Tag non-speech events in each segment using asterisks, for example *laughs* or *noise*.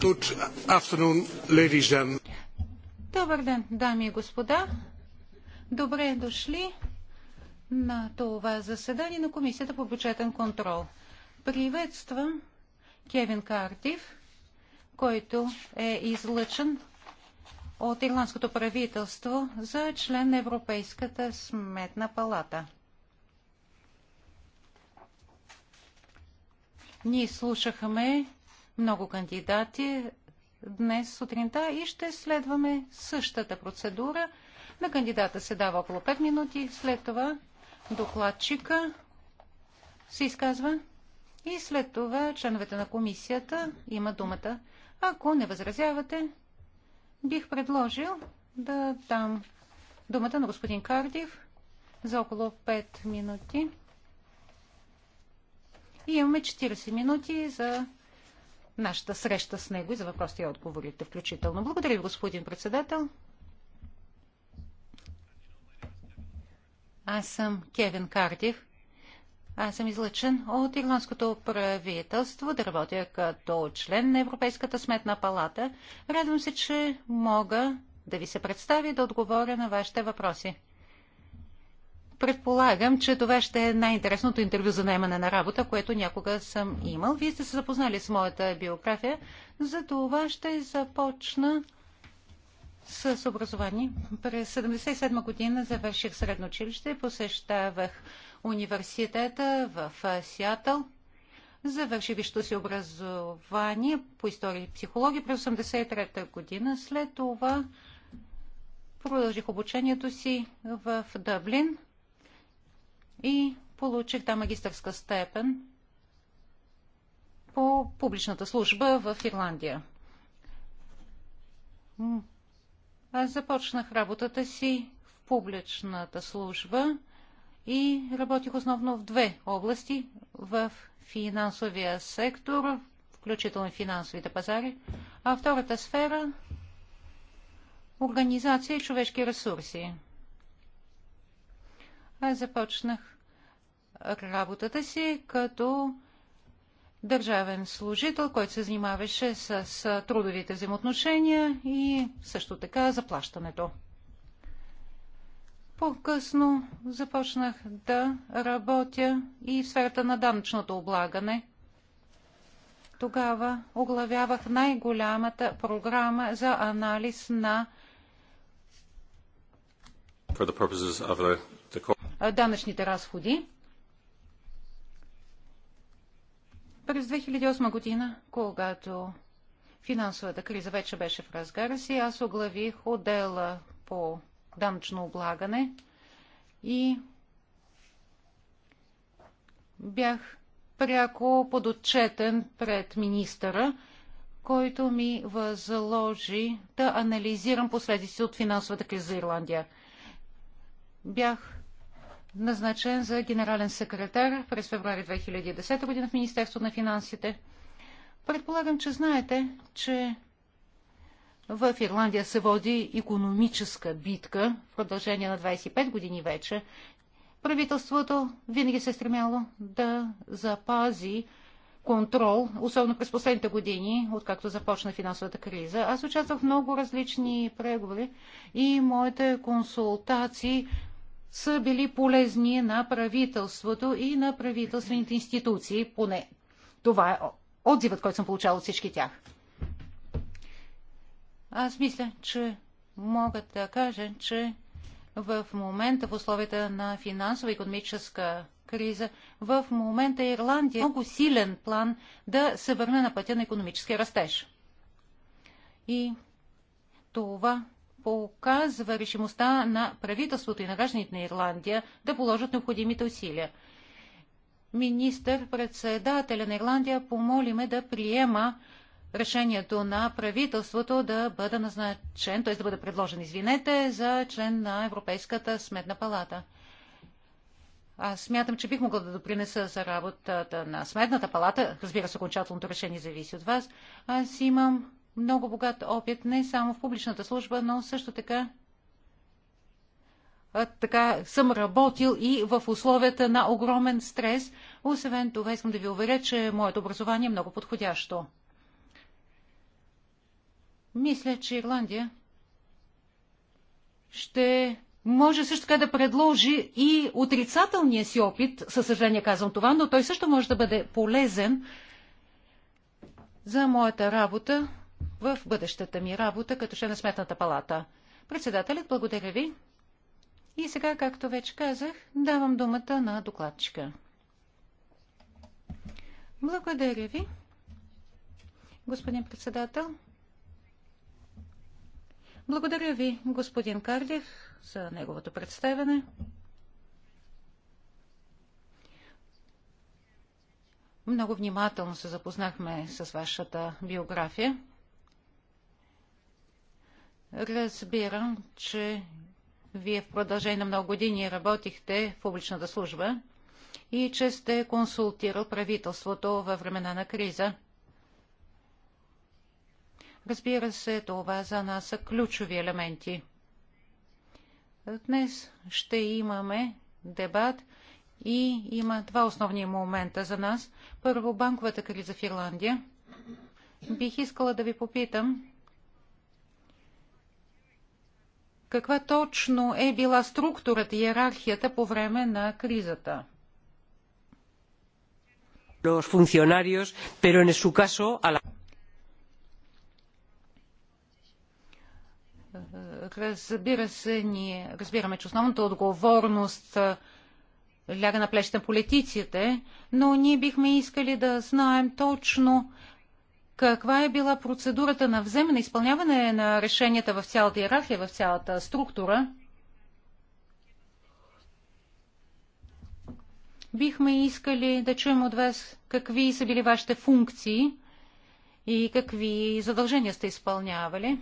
And... Добър ден, дами и господа. Добре дошли на това заседание на Комисията по бюджетен контрол. Приветствам Кевин Картив, който е излъчен от ирландското правителство за член на Европейската сметна палата. Ние слушахме много кандидати днес сутринта и ще следваме същата процедура. На кандидата се дава около 5 минути, след това докладчика се изказва и след това членовете на комисията имат думата. Ако не възразявате, бих предложил да дам думата на господин Кардив за около 5 минути. И имаме 40 минути за нашата среща с него и за въпросите и отговорите включително. Благодаря ви, господин председател. Аз съм Кевин Кардив. Аз съм излъчен от ирландското правителство да работя като член на Европейската сметна палата. Радвам се, че мога да ви се представя и да отговоря на вашите въпроси. Предполагам, че това ще е най-интересното интервю за наймане на работа, което някога съм имал. Вие сте се запознали с моята биография, за това ще започна с образование. През 1977 година завърших средно училище, посещавах университета в Сиатъл. Завърши вищо си образование по история и психология през 1983 година. След това продължих обучението си в Дъблин и получих там магистърска степен по публичната служба в Ирландия. Аз започнах работата си в публичната служба и работих основно в две области в финансовия сектор, включително финансовите пазари, а втората сфера организация и човешки ресурси. Аз започнах работата си като държавен служител, който се занимаваше с, с трудовите взаимоотношения и също така заплащането. По-късно започнах да работя и в сферата на данъчното облагане. Тогава оглавявах най-голямата програма за анализ на данъчните разходи. През 2008 година, когато финансовата криза вече беше в разгара си, аз оглавих отдела по данъчно облагане и бях пряко подотчетен пред министъра, който ми възложи да анализирам последици от финансовата криза за Ирландия. Бях назначен за генерален секретар през февруари 2010 година в Министерство на финансите. Предполагам, че знаете, че в Ирландия се води економическа битка в продължение на 25 години вече. Правителството винаги се е стремяло да запази контрол, особено през последните години, откакто започна финансовата криза. Аз участвах в много различни преговори и моите консултации са били полезни на правителството и на правителствените институции, поне това е отзивът, който съм получал от всички тях. Аз мисля, че мога да кажа, че в момента, в условията на финансова и економическа криза, в момента Ирландия е много силен план да се върне на пътя на економически растеж. И това показва решимостта на правителството и на гражданите на Ирландия да положат необходимите усилия. Министър-председателя на Ирландия помолиме да приема решението на правителството да бъде назначен, т.е. да бъде предложен, извинете, за член на Европейската сметна палата. Аз смятам, че бих могъл да допринеса за работата на Сметната палата. Разбира се, окончателното решение зависи от вас. Аз имам много богат опит не само в публичната служба, но също така така съм работил и в условията на огромен стрес. Освен това, искам да ви уверя, че моето образование е много подходящо. Мисля, че Ирландия ще може също така да предложи и отрицателния си опит, със съжаление казвам това, но той също може да бъде полезен за моята работа в бъдещата ми работа като член на Сметната палата. Председателят, благодаря ви. И сега, както вече казах, давам думата на докладчика. Благодаря ви, господин председател. Благодаря ви, господин Карлев, за неговото представяне. Много внимателно се запознахме с вашата биография. Разбирам, че вие в продължение на много години работихте в публичната служба и че сте консултирал правителството във времена на криза. Разбира се, това за нас са ключови елементи. Днес ще имаме дебат и има два основни момента за нас. Първо, банковата криза в Ирландия. Бих искала да ви попитам каква точно е била структурата и иерархията по време на кризата. Los funcionarios, pero en su caso a la... Разбира се, ние разбираме, че основната отговорност ляга на плещите на политиците, но ние бихме искали да знаем точно каква е била процедурата на вземане, изпълняване на решенията в цялата иерархия, в цялата структура. Бихме искали да чуем от вас какви са били вашите функции и какви задължения сте изпълнявали.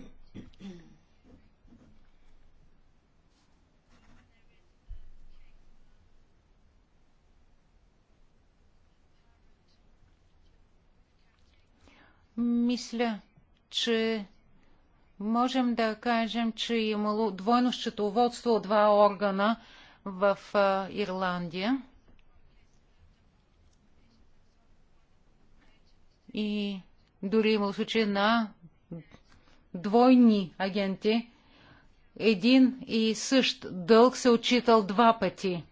Мисля, че можем да кажем, че е имало двойно счетоводство от два органа в Ирландия. И дори имало случаи на двойни агенти. Един и същ дълг се е отчитал два пъти.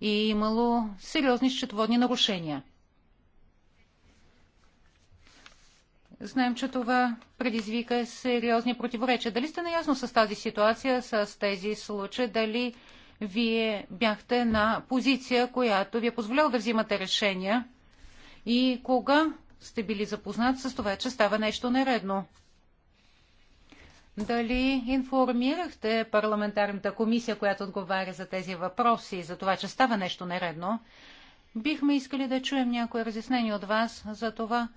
И е имало сериозни счетоводни нарушения. Знаем, че това предизвика сериозни противоречия. Дали сте наясно с тази ситуация, с тези случаи? Дали вие бяхте на позиция, която ви е позволяла да взимате решения? И кога сте били запознат с това, че става нещо нередно? Дали информирахте парламентарната комисия, която отговаря за тези въпроси, за това, че става нещо нередно? Бихме искали да чуем някое разяснение от вас за това,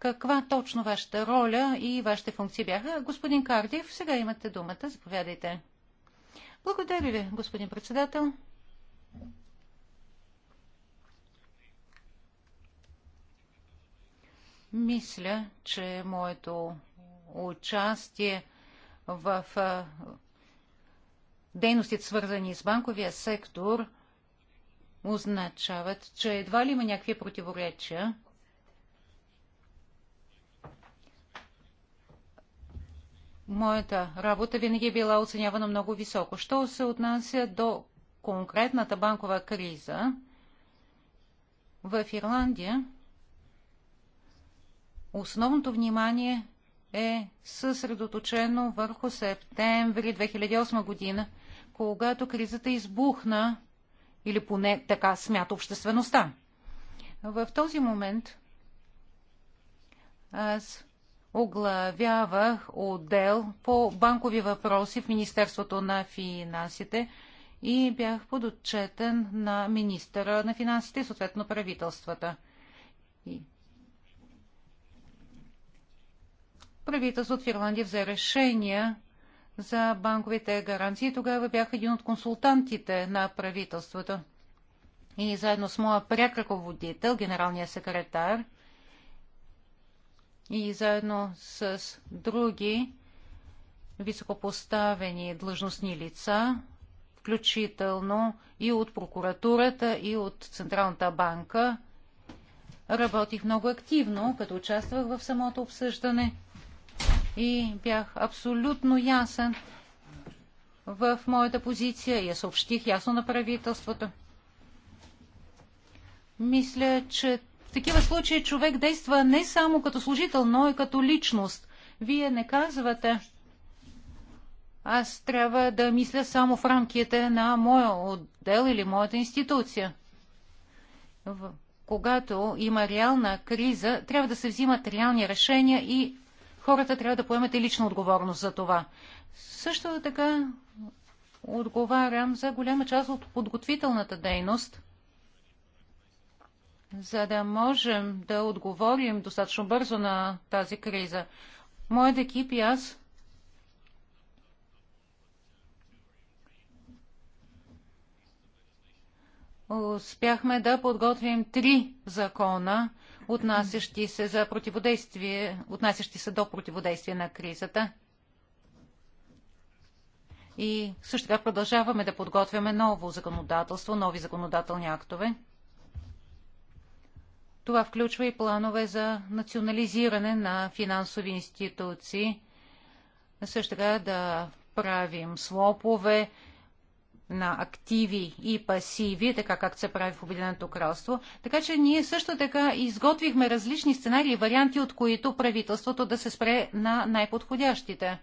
каква точно вашата роля и вашите функции бяха. Господин Кардив, сега имате думата. Заповядайте. Благодаря ви, господин председател. Мисля, че моето участие в дейностите, свързани с банковия сектор, означават, че едва ли има някакви противоречия моята работа винаги е била оценявана много високо. Що се отнася до конкретната банкова криза в Ирландия, основното внимание е съсредоточено върху септември 2008 година, когато кризата избухна, или поне така смята обществеността. В този момент аз оглавявах отдел по банкови въпроси в Министерството на финансите и бях подотчетен на министъра на финансите и съответно правителствата. И... Правителството в Ирландия взе решение за банковите гаранции. Тогава бях един от консултантите на правителството. И заедно с моя пряк ръководител, генералния секретар, и заедно с други високопоставени длъжностни лица, включително и от прокуратурата, и от Централната банка. Работих много активно, като участвах в самото обсъждане и бях абсолютно ясен в моята позиция и я съобщих ясно на правителството. Мисля, че в такива случаи човек действа не само като служител, но и като личност. Вие не казвате, аз трябва да мисля само в рамките на моя отдел или моята институция. Когато има реална криза, трябва да се взимат реални решения и хората трябва да поемат и лична отговорност за това. Също така отговарям за голяма част от подготвителната дейност – за да можем да отговорим достатъчно бързо на тази криза. Моят екип и аз успяхме да подготвим три закона, отнасящи се за противодействие, отнасящи се до противодействие на кризата. И също така продължаваме да подготвяме ново законодателство, нови законодателни актове. Това включва и планове за национализиране на финансови институции. Също така да правим слопове на активи и пасиви, така как се прави в Обединеното кралство. Така че ние също така изготвихме различни сценарии и варианти, от които правителството да се спре на най-подходящите.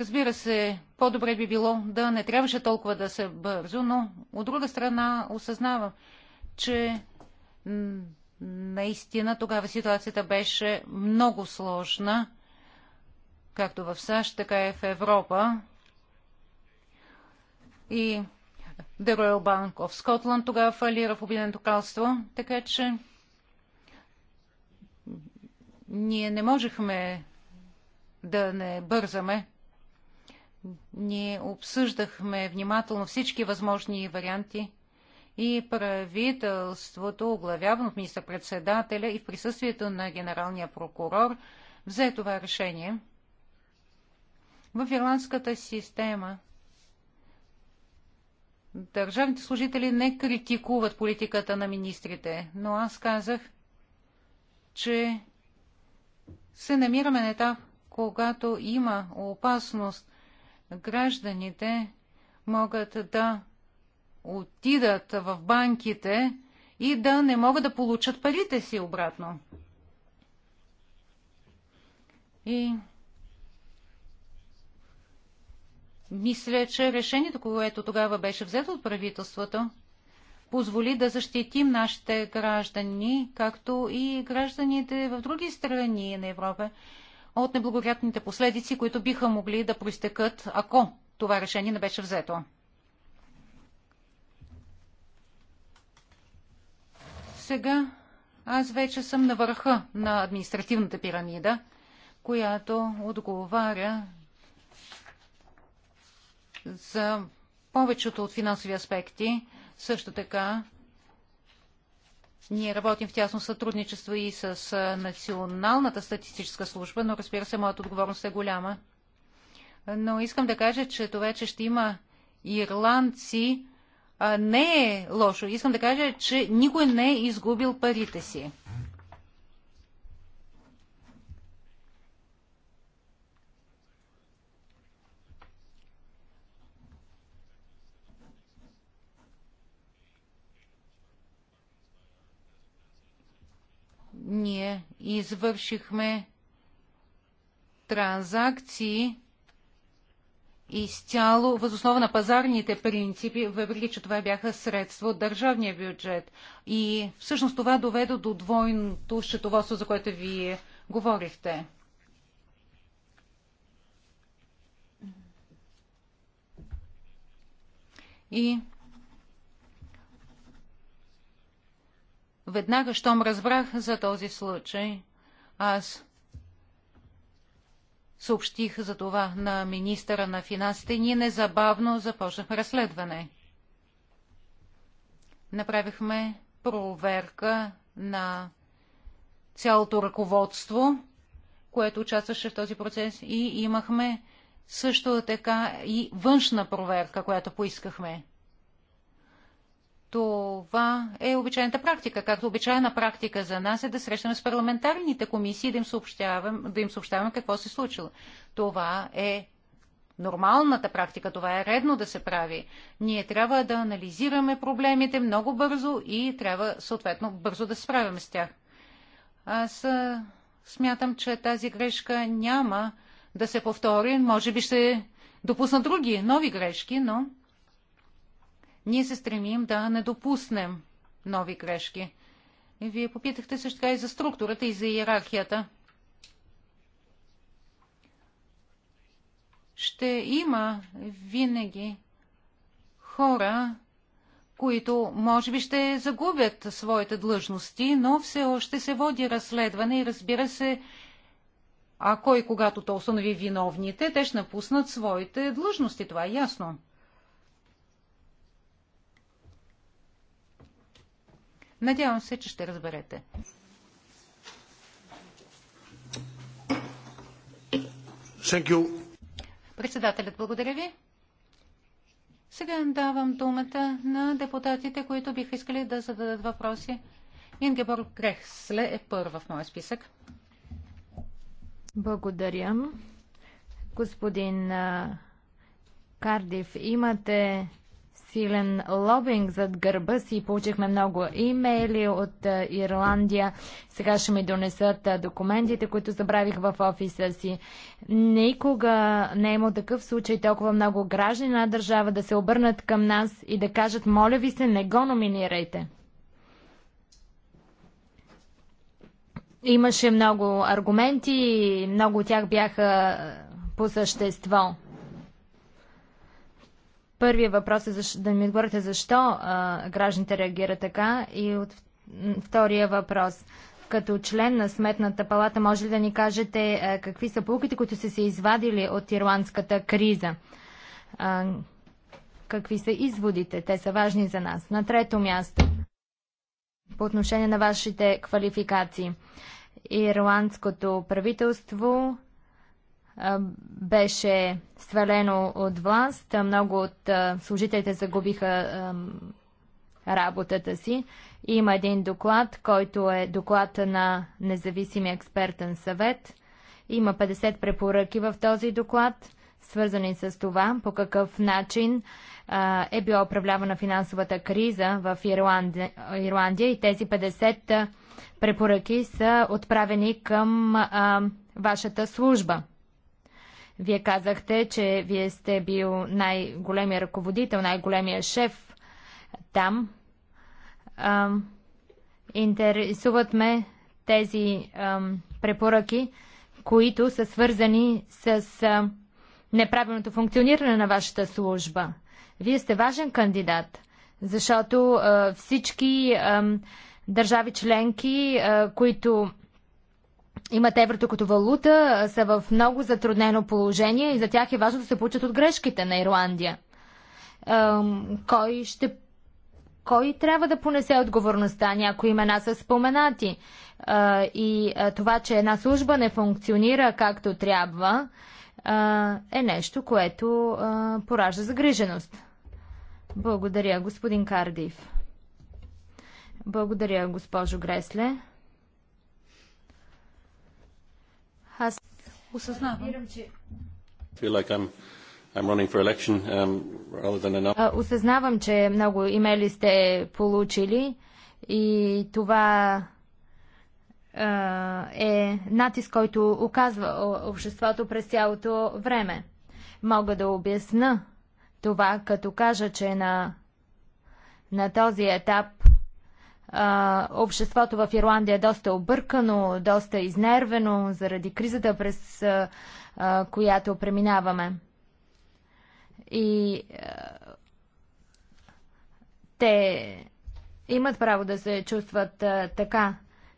Разбира се, по-добре би било да не трябваше толкова да се бързо, но от друга страна осъзнавам, че наистина тогава ситуацията беше много сложна, както в САЩ, така и в Европа. И The Royal Bank of Scotland тогава фалира в Обединеното кралство, така че ние не можехме да не бързаме. Ние обсъждахме внимателно всички възможни варианти и правителството, оглавявано от министър-председателя и в присъствието на генералния прокурор, взе това решение. В ирландската система държавните служители не критикуват политиката на министрите, но аз казах, че се намираме на етап, когато има опасност гражданите могат да отидат в банките и да не могат да получат парите си обратно. И мисля, че решението, което тогава беше взето от правителството, позволи да защитим нашите граждани, както и гражданите в други страни на Европа от неблагоприятните последици, които биха могли да проистекат, ако това решение не беше взето. Сега аз вече съм на върха на административната пирамида, която отговаря за повечето от финансови аспекти. Също така ние работим в тясно сътрудничество и с Националната статистическа служба, но разбира се, моята отговорност е голяма. Но искам да кажа, че това, че ще има ирландци, не е лошо. Искам да кажа, че никой не е изгубил парите си. ние извършихме транзакции изцяло възоснова на пазарните принципи, въпреки че това бяха средства от държавния бюджет. И всъщност това доведе до двойното счетоводство, за което вие говорихте. И Веднага, щом разбрах за този случай, аз съобщих за това на министъра на финансите и ние незабавно започнахме разследване. Направихме проверка на цялото ръководство, което участваше в този процес и имахме също така и външна проверка, която поискахме. Това е обичайната практика, както обичайна практика за нас е да срещаме с парламентарните комисии и да им съобщаваме, да им съобщаваме какво се е случило. Това е нормалната практика, това е редно да се прави. Ние трябва да анализираме проблемите много бързо и трябва съответно бързо да се справяме с тях. Аз смятам, че тази грешка няма да се повтори. Може би ще допусна други нови грешки, но ние се стремим да не допуснем нови грешки. Вие попитахте също така и за структурата и за иерархията. Ще има винаги хора, които може би ще загубят своите длъжности, но все още се води разследване и разбира се, ако и когато то установи виновните, те ще напуснат своите длъжности, това е ясно. Надявам се, че ще разберете. Председателят, благодаря ви. Сега давам думата на депутатите, които биха искали да зададат въпроси. Ингебор Грехсле е първа в моя списък. Благодаря. Господин Кардив, имате силен лобинг зад гърба си. Получихме много имейли от е, Ирландия. Сега ще ми донесат е, документите, които забравих в офиса си. Никога не е имал такъв случай толкова много граждани на държава да се обърнат към нас и да кажат, моля ви се, не го номинирайте. Имаше много аргументи и много от тях бяха е, по същество. Първия въпрос е защо, да ми отговорите защо а, гражданите реагират така и от втория въпрос. Като член на Сметната палата може ли да ни кажете а, какви са полуките, които са се извадили от ирландската криза? А, какви са изводите? Те са важни за нас. На трето място, по отношение на вашите квалификации. Ирландското правителство беше свалено от власт. Много от служителите загубиха работата си. Има един доклад, който е доклад на независимия експертен съвет. Има 50 препоръки в този доклад, свързани с това по какъв начин е била управлявана финансовата криза в Ирландия, Ирландия и тези 50 препоръки са отправени към а, вашата служба. Вие казахте, че вие сте бил най-големия ръководител, най-големия шеф там. Ам, интересуват ме тези ам, препоръки, които са свързани с ам, неправилното функциониране на вашата служба. Вие сте важен кандидат, защото а, всички а, държави членки, а, които имат еврото като валута, са в много затруднено положение и за тях е важно да се получат от грешките на Ирландия. Кой ще кой трябва да понесе отговорността? Някои имена са споменати. И това, че една служба не функционира както трябва, е нещо, което поражда загриженост. Благодаря, господин Кардив. Благодаря, госпожо Гресле. Аз осъзнавам, че um, Осъзнавам, че много имейли сте получили и това е натиск, който оказва обществото през цялото време. Мога да обясна това, като кажа, че на, на този етап а, обществото в Ирландия е доста объркано, доста изнервено заради кризата, през а, а, която преминаваме. И а, те имат право да се чувстват а, така.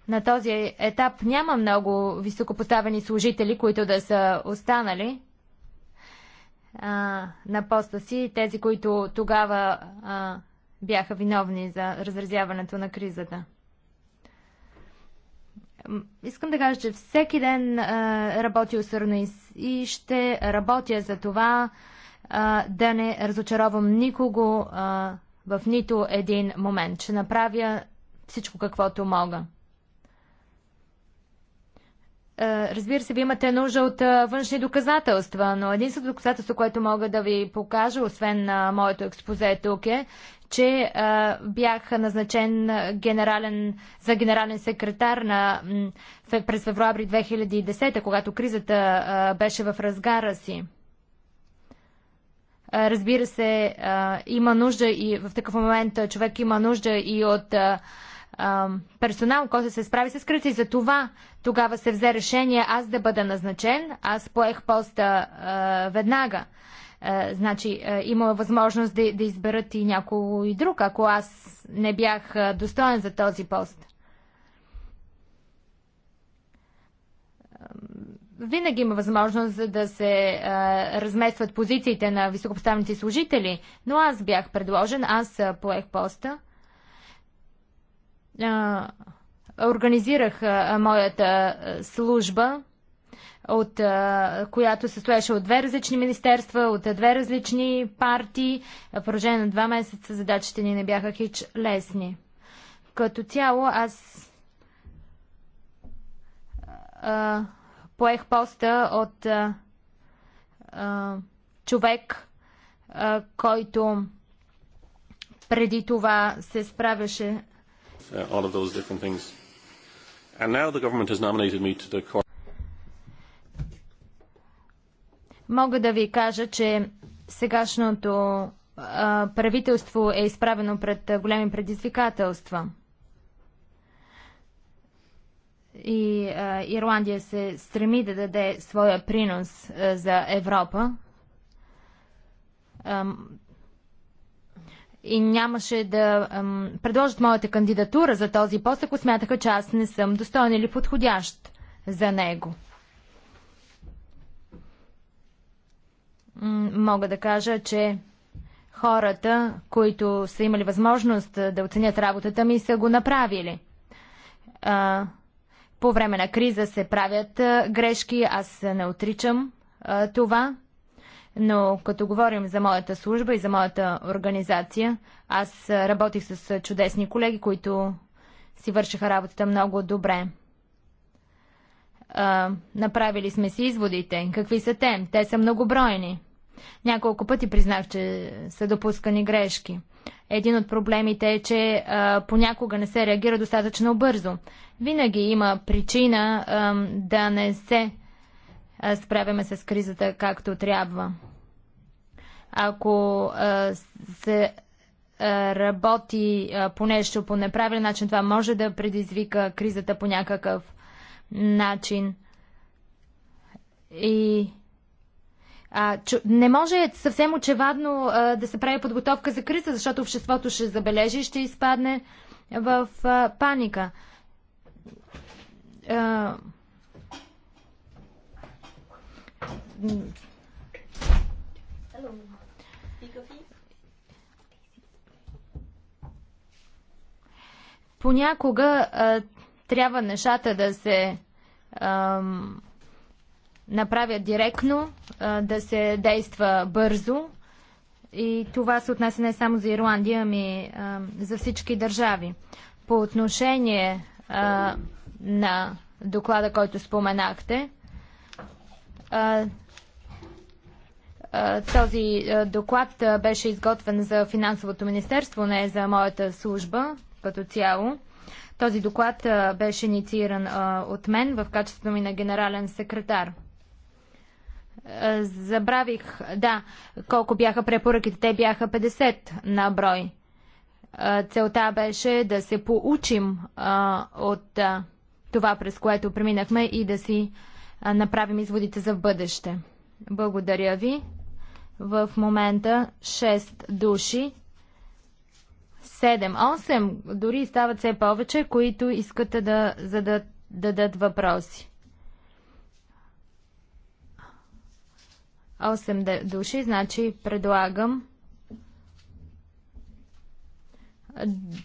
На този етап няма много високопоставени служители, които да са останали а, на поста си. Тези, които тогава а, бяха виновни за разразяването на кризата. Искам да кажа, че всеки ден а, работя усърно и, ще работя за това да не разочаровам никого в нито един момент. Ще направя всичко каквото мога. Е, разбира се, ви имате нужда от е, външни доказателства, но единственото доказателство, което мога да ви покажа, освен на моето експозе тук е, че е, бях назначен генерален, за генерален секретар на, през февруари 2010, когато кризата беше в разгара си. Разбира се, има нужда и в такъв момент човек има нужда и от персонал, който се справи с кръци. За това тогава се взе решение аз да бъда назначен. Аз поех поста а, веднага. А, значи, а, има възможност да, да изберат и някой друг, ако аз не бях достоен за този пост. Винаги има възможност да се а, разместват позициите на високопоставените служители, но аз бях предложен, аз поех поста а, организирах а, моята служба, от, а, която се стоеше от две различни министерства, от две различни партии. В продължение на два месеца задачите ни не бяха хич лесни. Като цяло аз а, поех поста от а, а, човек, а, който преди това се справяше uh, all of those different things. And now the government has nominated me to the court. Мога да ви кажа, че сегашното а, правителство е изправено пред големи предизвикателства. И а, Ирландия се стреми да даде своя принос а, за Европа и нямаше да ам, предложат моята кандидатура за този пост, ако смятаха, че аз не съм достоен или подходящ за него. Мога да кажа, че хората, които са имали възможност да оценят работата ми, са го направили. А, по време на криза се правят грешки, аз не отричам а, това. Но като говорим за моята служба и за моята организация, аз работих с чудесни колеги, които си вършиха работата много добре. А, направили сме си изводите. Какви са те? Те са многобройни. Няколко пъти признах, че са допускани грешки. Един от проблемите е, че а, понякога не се реагира достатъчно бързо. Винаги има причина а, да не се справяме с кризата както трябва. Ако се работи по нещо по неправилен начин, това може да предизвика кризата по някакъв начин. И а, чу, не може съвсем очевадно а, да се прави подготовка за криза, защото обществото ще забележи и ще изпадне в а, паника. А, Понякога а, трябва нещата да се а, направят директно, а, да се действа бързо. И това се отнася не само за Ирландия, ами а, за всички държави. По отношение а, на доклада, който споменахте, този доклад беше изготвен за финансовото министерство, не за моята служба като цяло. Този доклад беше иницииран от мен в качеството ми на генерален секретар. Забравих, да, колко бяха препоръките. Те бяха 50 на брой. Целта беше да се поучим от това, през което преминахме и да си направим изводите за бъдеще. Благодаря ви. В момента 6 души, 7, 8, дори стават все повече, които искат да зададат дадат въпроси. 8 души, значи предлагам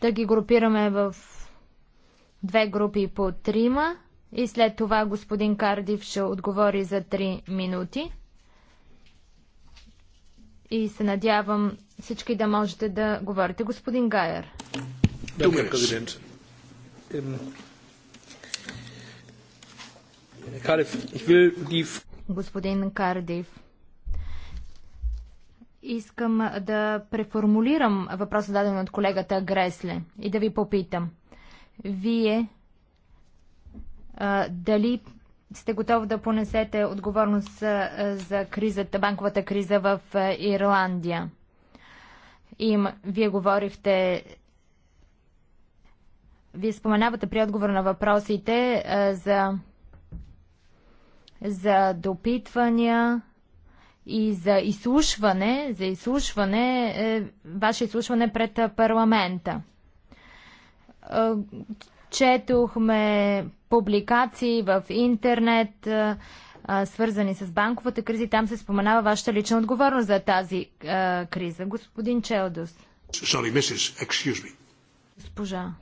да ги групираме в две групи по трима. И след това господин Кардив ще отговори за 3 минути. И се надявам всички да можете да говорите. Господин Гайер. Е Добре, президент. Е, господин Кардив, искам да преформулирам въпроса даден от колегата Гресле и да ви попитам. Вие дали сте готови да понесете отговорност за кризата, банковата криза в Ирландия? Им, вие говорихте вие споменавате при отговор на въпросите а, за, за допитвания и за изслушване, за изслушване, е, ваше изслушване пред парламента. Четохме публикации в интернет, свързани с банковата криза там се споменава вашата лична отговорност за тази криза. Господин Челдус. Sorry, Mrs. Excuse me. Госпожа.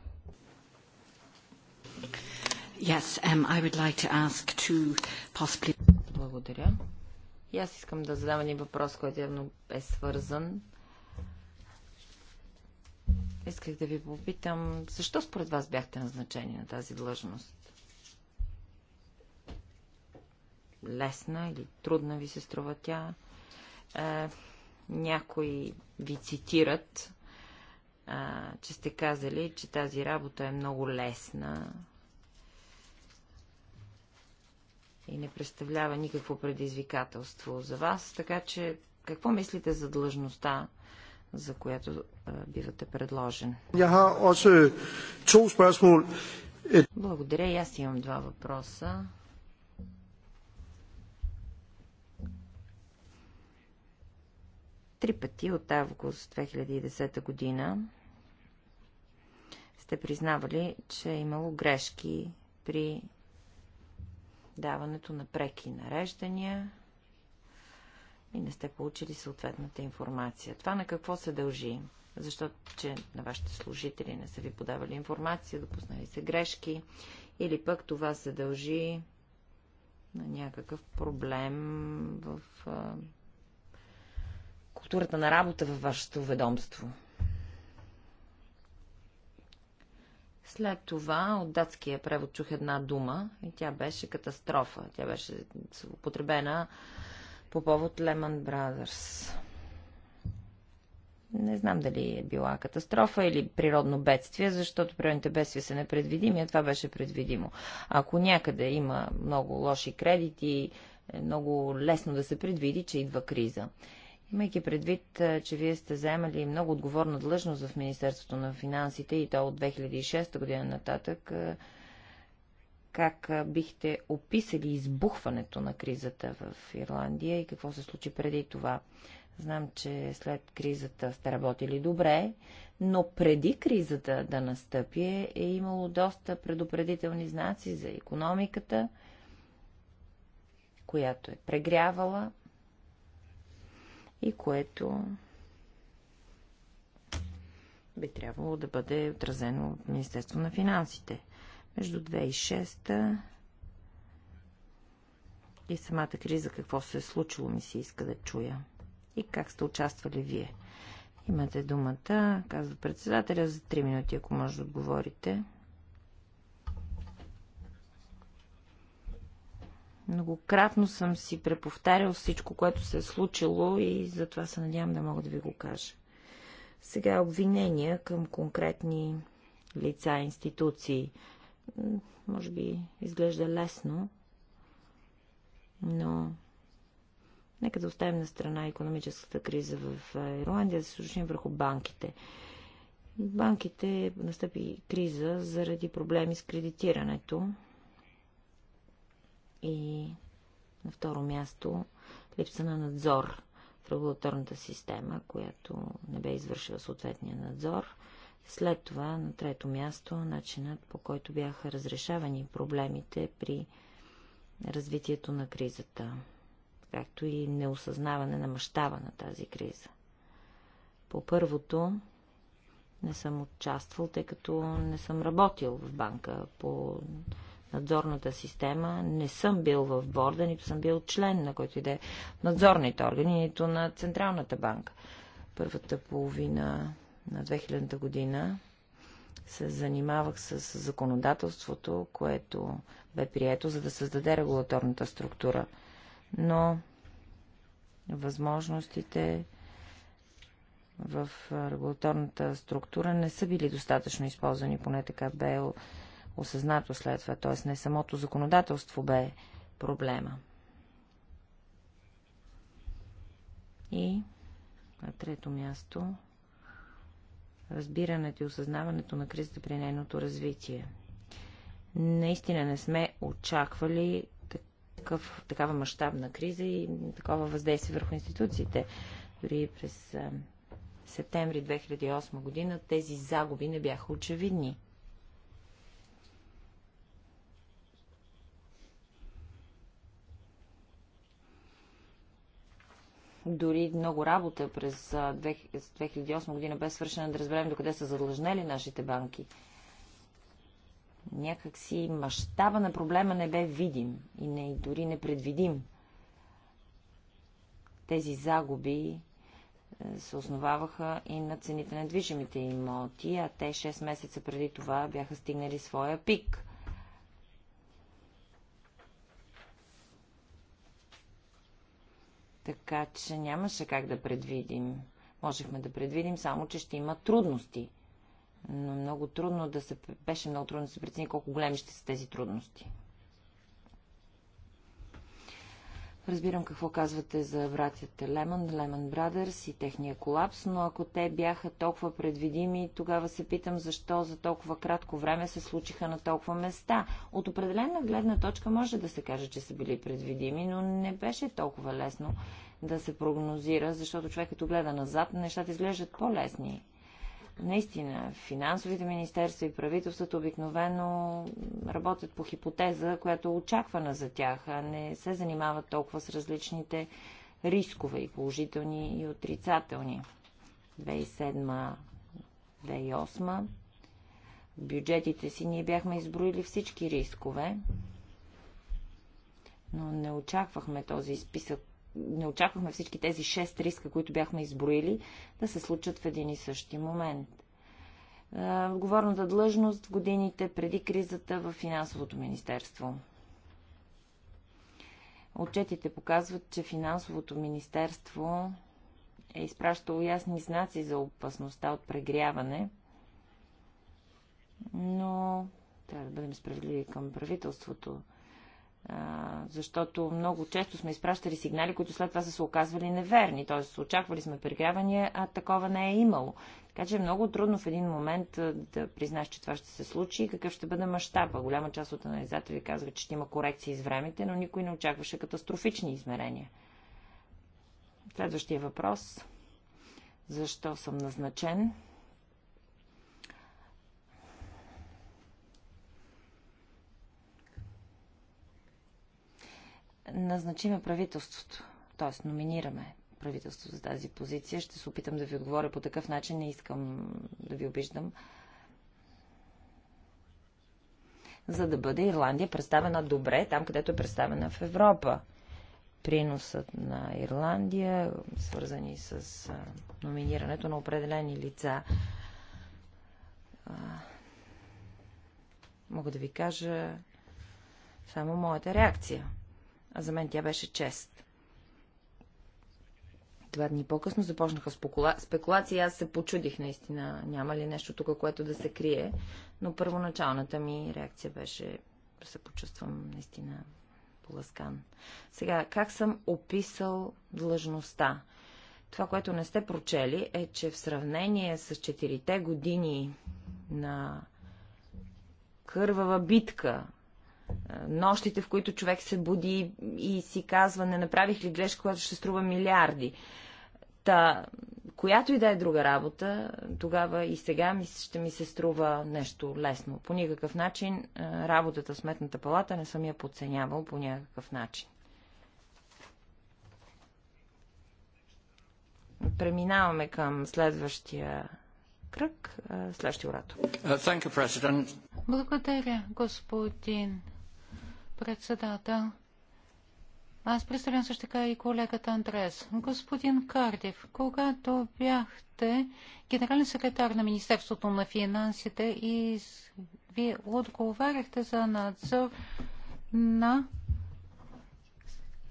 Yes, um, I would like to ask to possibly... Благодаря. И аз искам да задам един въпрос, който явно е свързан Исках да ви попитам, защо според вас бяхте назначени на тази длъжност? Лесна или трудна ви се струва тя? Е, някои ви цитират, е, че сте казали, че тази работа е много лесна и не представлява никакво предизвикателство за вас, така че какво мислите за длъжността за която е, бивате предложен. Е, Благодаря. И аз имам два въпроса. Три пъти от август 2010 година сте признавали, че е имало грешки при даването на преки нареждания и не сте получили съответната информация. Това на какво се дължи? Защото, че на вашите служители не са ви подавали информация, допуснали се грешки, или пък това се дължи на някакъв проблем в а, културата на работа във вашето ведомство. След това от датския превод чух една дума и тя беше катастрофа. Тя беше употребена по повод Lehman Brothers. Не знам дали е била катастрофа или природно бедствие, защото природните бедствия са непредвидими, а това беше предвидимо. Ако някъде има много лоши кредити, е много лесно да се предвиди, че идва криза. Имайки предвид, е, че вие сте заемали много отговорна длъжност в Министерството на финансите и то от 2006 година нататък, е, как бихте описали избухването на кризата в Ирландия и какво се случи преди това. Знам, че след кризата сте работили добре, но преди кризата да настъпи е, е имало доста предупредителни знаци за економиката, която е прегрявала и което би трябвало да бъде отразено от Министерство на финансите между 2006 и самата криза, какво се е случило, ми се иска да чуя. И как сте участвали вие? Имате думата, казва председателя, за 3 минути, ако може да отговорите. Многократно съм си преповтарял всичко, което се е случило и затова се надявам да мога да ви го кажа. Сега обвинения към конкретни лица, институции. Може би изглежда лесно, но нека да оставим на страна економическата криза в Ирландия, да се случим върху банките. Банките настъпи криза заради проблеми с кредитирането и на второ място липса на надзор в регулаторната система, която не бе извършила съответния надзор след това, на трето място, начинът по който бяха разрешавани проблемите при развитието на кризата, както и неосъзнаване на мащаба на тази криза. По първото не съм участвал, тъй като не съм работил в банка по надзорната система. Не съм бил в борда, нито съм бил член на който иде надзорните органи, нито на Централната банка. Първата половина на 2000 година се занимавах с законодателството, което бе прието, за да създаде регулаторната структура. Но възможностите в регулаторната структура не са били достатъчно използвани, поне така бе осъзнато след това. Т.е. не самото законодателство бе проблема. И на трето място разбирането и осъзнаването на кризата при нейното развитие. Наистина не сме очаквали такъв, такава мащабна криза и такова въздействие върху институциите. Дори през септември 2008 година тези загуби не бяха очевидни. Дори много работа през 2008 година бе свършена да разберем докъде са задлъжнели нашите банки. Някакси мащаба на проблема не бе видим и не, дори непредвидим. Тези загуби е, се основаваха и на цените на движимите имоти, а те 6 месеца преди това бяха стигнали своя пик. Така че нямаше как да предвидим. Можехме да предвидим само, че ще има трудности. Но много трудно да се, беше много трудно да се прецени колко големи ще са тези трудности. Разбирам какво казвате за братята Лемон, Лемон Брадърс и техния колапс, но ако те бяха толкова предвидими, тогава се питам защо за толкова кратко време се случиха на толкова места. От определена гледна точка може да се каже, че са били предвидими, но не беше толкова лесно да се прогнозира, защото човек като гледа назад, нещата изглеждат по-лесни. Наистина, финансовите министерства и правителствата обикновено работят по хипотеза, която е очаквана за тях, а не се занимават толкова с различните рискове и положителни и отрицателни. 2007-2008 бюджетите си ние бяхме изброили всички рискове, но не очаквахме този списък не очаквахме всички тези шест риска, които бяхме изброили, да се случат в един и същи момент. Отговорната длъжност в годините преди кризата в финансовото министерство. Отчетите показват, че финансовото министерство е изпращало ясни знаци за опасността от прегряване, но трябва да бъдем справедливи към правителството защото много често сме изпращали сигнали, които след това са се оказвали неверни, т.е. очаквали сме прегрявания, а такова не е имало. Така че е много трудно в един момент да признаеш, че това ще се случи и какъв ще бъде мащаба. Голяма част от анализатори казват, че ще има корекции с времето, но никой не очакваше катастрофични измерения. Следващия въпрос. Защо съм назначен? назначиме правителството, т.е. номинираме правителство за тази позиция. Ще се опитам да ви отговоря по такъв начин, не искам да ви обиждам. За да бъде Ирландия представена добре, там където е представена в Европа. Приносът на Ирландия, свързани с номинирането на определени лица. Мога да ви кажа само моята реакция а за мен тя беше чест. Два дни по-късно започнаха спекула... спекулации. Аз се почудих наистина, няма ли нещо тук, което да се крие. Но първоначалната ми реакция беше да се почувствам наистина поласкан. Сега, как съм описал длъжността? Това, което не сте прочели, е, че в сравнение с четирите години на кървава битка нощите, в които човек се буди и си казва, не направих ли грешка, която ще струва милиарди. Та, която и да е друга работа, тогава и сега ми, ще ми се струва нещо лесно. По никакъв начин работата в Сметната палата не съм я подценявал по някакъв начин. Преминаваме към следващия кръг. Следващия оратор. Uh, Благодаря, господин председател. Аз представям също така и колегата Андрес. Господин Кардев, когато бяхте генерален секретар на Министерството на финансите и ви отговаряхте за надзор на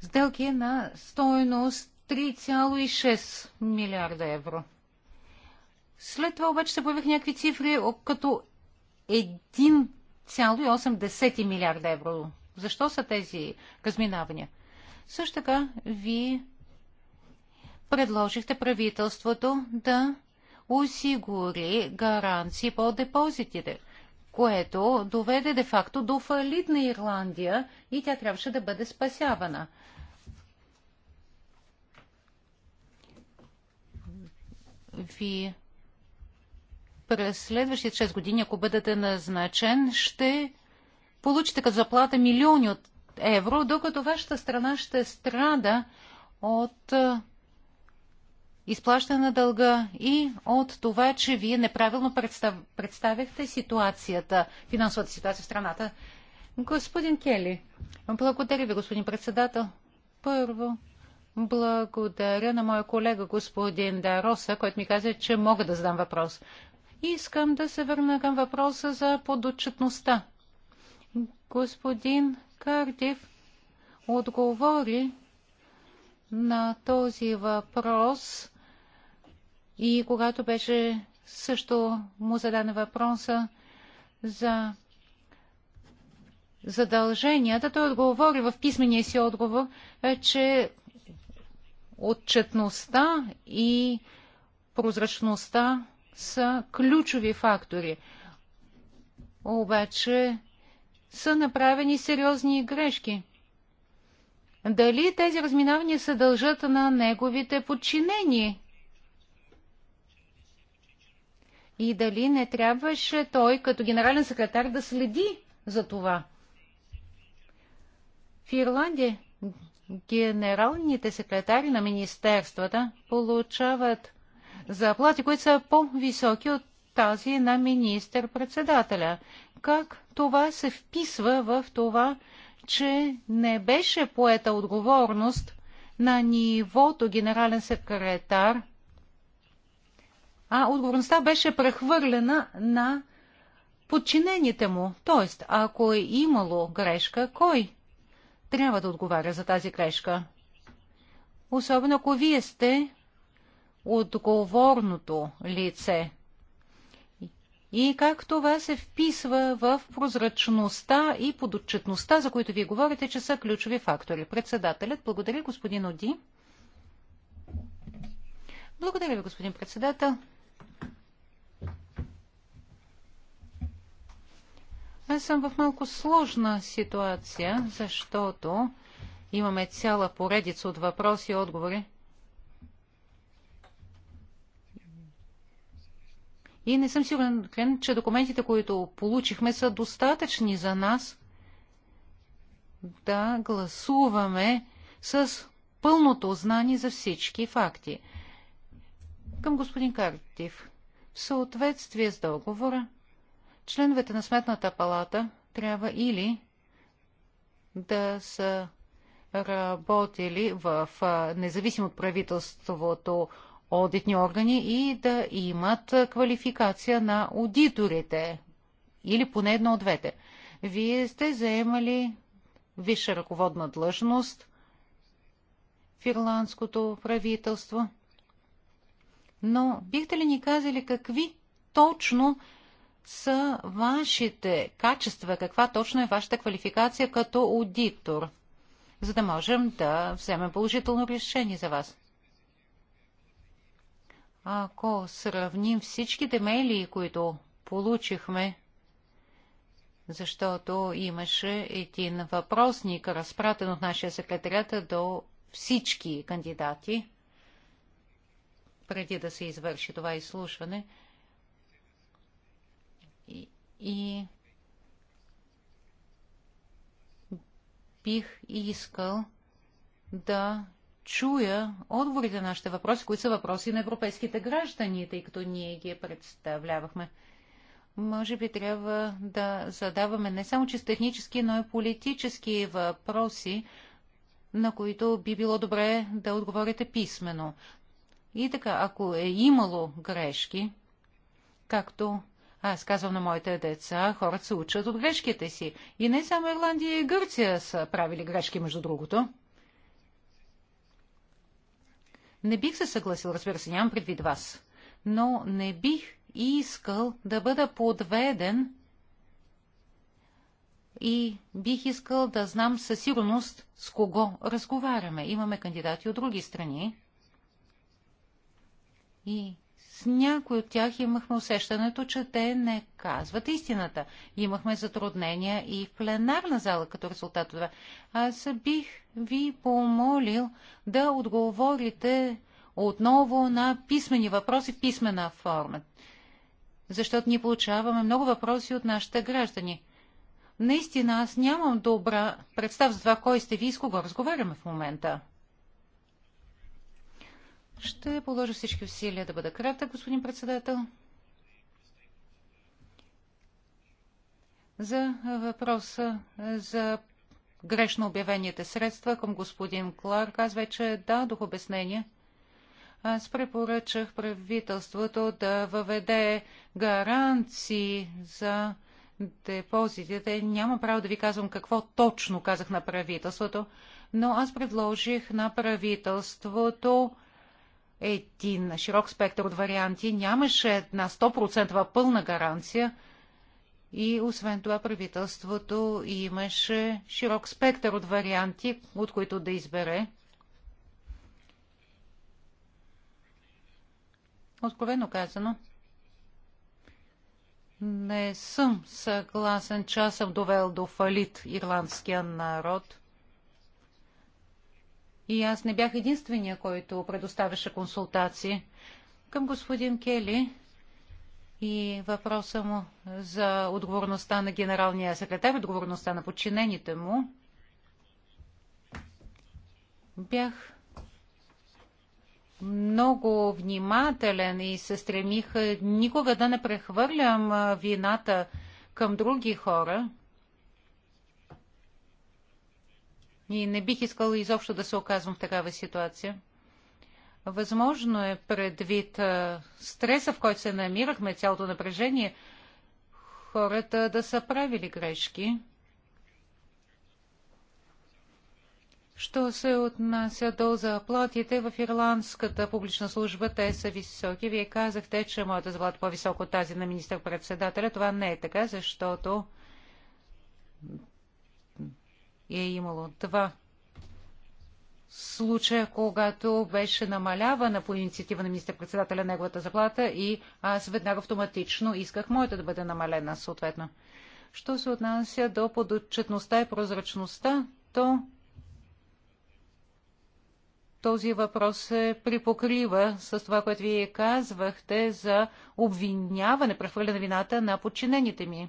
сделки на стоеност 3,6 милиарда евро. След това обаче се появих някакви цифри като 1,8 милиарда евро защо са тези разминавания? Също така, ви предложихте правителството да осигури гаранции по депозитите, което доведе де-факто до фалит на Ирландия и тя трябваше да бъде спасявана. Ви през следващите 6 години, ако бъдете назначен, ще получите като заплата милиони от евро, докато вашата страна ще страда от изплащане на дълга и от това, че вие неправилно представ... представяхте ситуацията, финансовата ситуация в страната. Господин Кели, благодаря ви, господин председател. Първо, благодаря на моя колега господин Дароса, който ми каза, че мога да задам въпрос. Искам да се върна към въпроса за подотчетността. Господин Кардив отговори на този въпрос и когато беше също му зададен въпроса за задълженията, той отговори в писмения си отговор, е, че отчетността и прозрачността са ключови фактори. Обаче са направени сериозни грешки. Дали тези разминавания се дължат на неговите подчинени? И дали не трябваше той като генерален секретар да следи за това? В Ирландия генералните секретари на министерствата получават заплати, които са по-високи от тази на министър-председателя. Как това се вписва в това, че не беше поета отговорност на нивото генерален секретар, а отговорността беше прехвърлена на подчинените му. Тоест, ако е имало грешка, кой трябва да отговаря за тази грешка? Особено ако вие сте отговорното лице и как това се вписва в прозрачността и подотчетността, за които вие говорите, че са ключови фактори. Председателят, благодаря, господин Оди. Благодаря ви, господин председател. Аз съм в малко сложна ситуация, защото имаме цяла поредица от въпроси и отговори. И не съм сигурен, че документите, които получихме, са достатъчни за нас да гласуваме с пълното знание за всички факти. Към господин Картив. В съответствие с договора, членовете на Сметната палата трябва или да са работили в независимо от правителството одитни органи и да имат квалификация на аудиторите или поне едно от двете. Вие сте заемали висша ръководна длъжност в ирландското правителство. Но бихте ли ни казали какви точно са вашите качества, каква точно е вашата квалификация като аудитор, за да можем да вземем положително решение за вас? Ако сравним всичките мейли, които получихме, защото имаше един въпросник, разпратен от нашия секретарят до всички кандидати, преди да се извърши това изслушване. И, и бих искал да чуя отговорите на нашите въпроси, които са въпроси на европейските граждани, тъй като ние ги представлявахме. Може би трябва да задаваме не само чисто технически, но и политически въпроси, на които би било добре да отговорите писменно. И така, ако е имало грешки, както аз казвам на моите деца, хората се учат от грешките си. И не само Ирландия и Гърция са правили грешки, между другото. Не бих се съгласил, разбира се, нямам предвид вас, но не бих искал да бъда подведен и бих искал да знам със сигурност с кого разговаряме. Имаме кандидати от други страни. И с някои от тях имахме усещането, че те не казват истината. Имахме затруднения и в пленарна зала като резултат от това. Аз бих ви помолил да отговорите отново на писмени въпроси в писмена форма. Защото ние получаваме много въпроси от нашите граждани. Наистина аз нямам добра представа за това, кой сте ви и с кого разговаряме в момента. Ще положа всички усилия да бъда кратък, господин председател. За въпроса за грешно обявените средства към господин Кларк, аз вече дадох обяснение. Аз препоръчах правителството да въведе гаранции за депозитите. Няма право да ви казвам какво точно казах на правителството, но аз предложих на правителството един широк спектър от варианти, нямаше една 100% пълна гаранция и освен това правителството имаше широк спектър от варианти, от които да избере. Откровено казано, не съм съгласен, че аз съм довел до фалит ирландския народ – и аз не бях единствения, който предоставяше консултации към господин Кели и въпроса му за отговорността на генералния секретар, отговорността на подчинените му. Бях много внимателен и се стремих никога да не прехвърлям вината към други хора – И не бих искала изобщо да се оказвам в такава ситуация. Възможно е предвид стреса, в който се намирахме, цялото напрежение, хората да са правили грешки. Що се отнася до заплатите в ирландската публична служба, те са високи. Вие казахте, че моята заплата е по-високо от тази на министър-председателя. Това не е така, защото е имало два случая, когато беше намалявана по инициатива на министър-председателя неговата заплата и аз веднага автоматично исках моята да бъде намалена съответно. Що се отнася до подотчетността и прозрачността, то този въпрос се припокрива с това, което вие казвахте за обвиняване, прехвърляне вината на подчинените ми.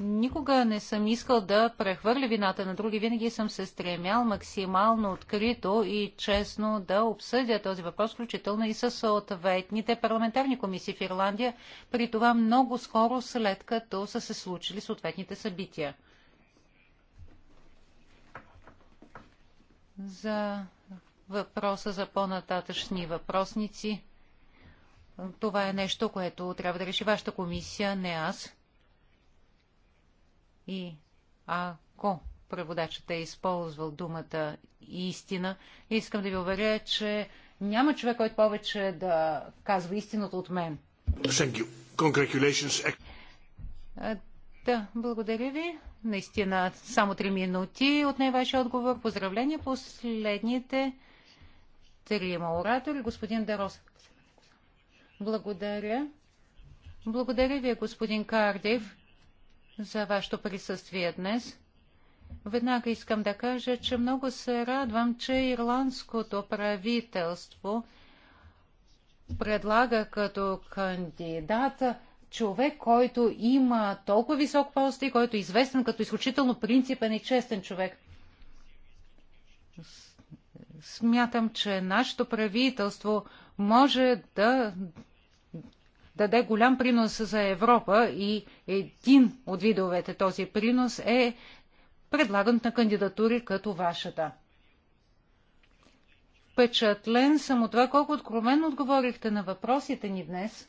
Никога не съм искал да прехвърля вината на други. Винаги съм се стремял максимално открито и честно да обсъдя този въпрос, включително и с съответните парламентарни комисии в Ирландия, при това много скоро след като са се случили съответните събития. За въпроса за по-нататъчни въпросници. Това е нещо, което трябва да реши вашата комисия, не аз. И ако преводачът е използвал думата истина, искам да ви уверя, че няма човек, който повече да казва истината от мен. Да, благодаря ви. Наистина, само три минути от най вашия отговор. Поздравления последните трима оратори. Господин Дарос. Благодаря. Благодаря ви, господин Кардев за вашето присъствие днес. Веднага искам да кажа, че много се радвам, че ирландското правителство предлага като кандидат човек, който има толкова висок пост и който е известен като изключително принципен и честен човек. Смятам, че нашето правителство може да даде голям принос за Европа и един от видовете този принос е предлаган на кандидатури като вашата. Впечатлен съм от това, колко откровенно отговорихте на въпросите ни днес.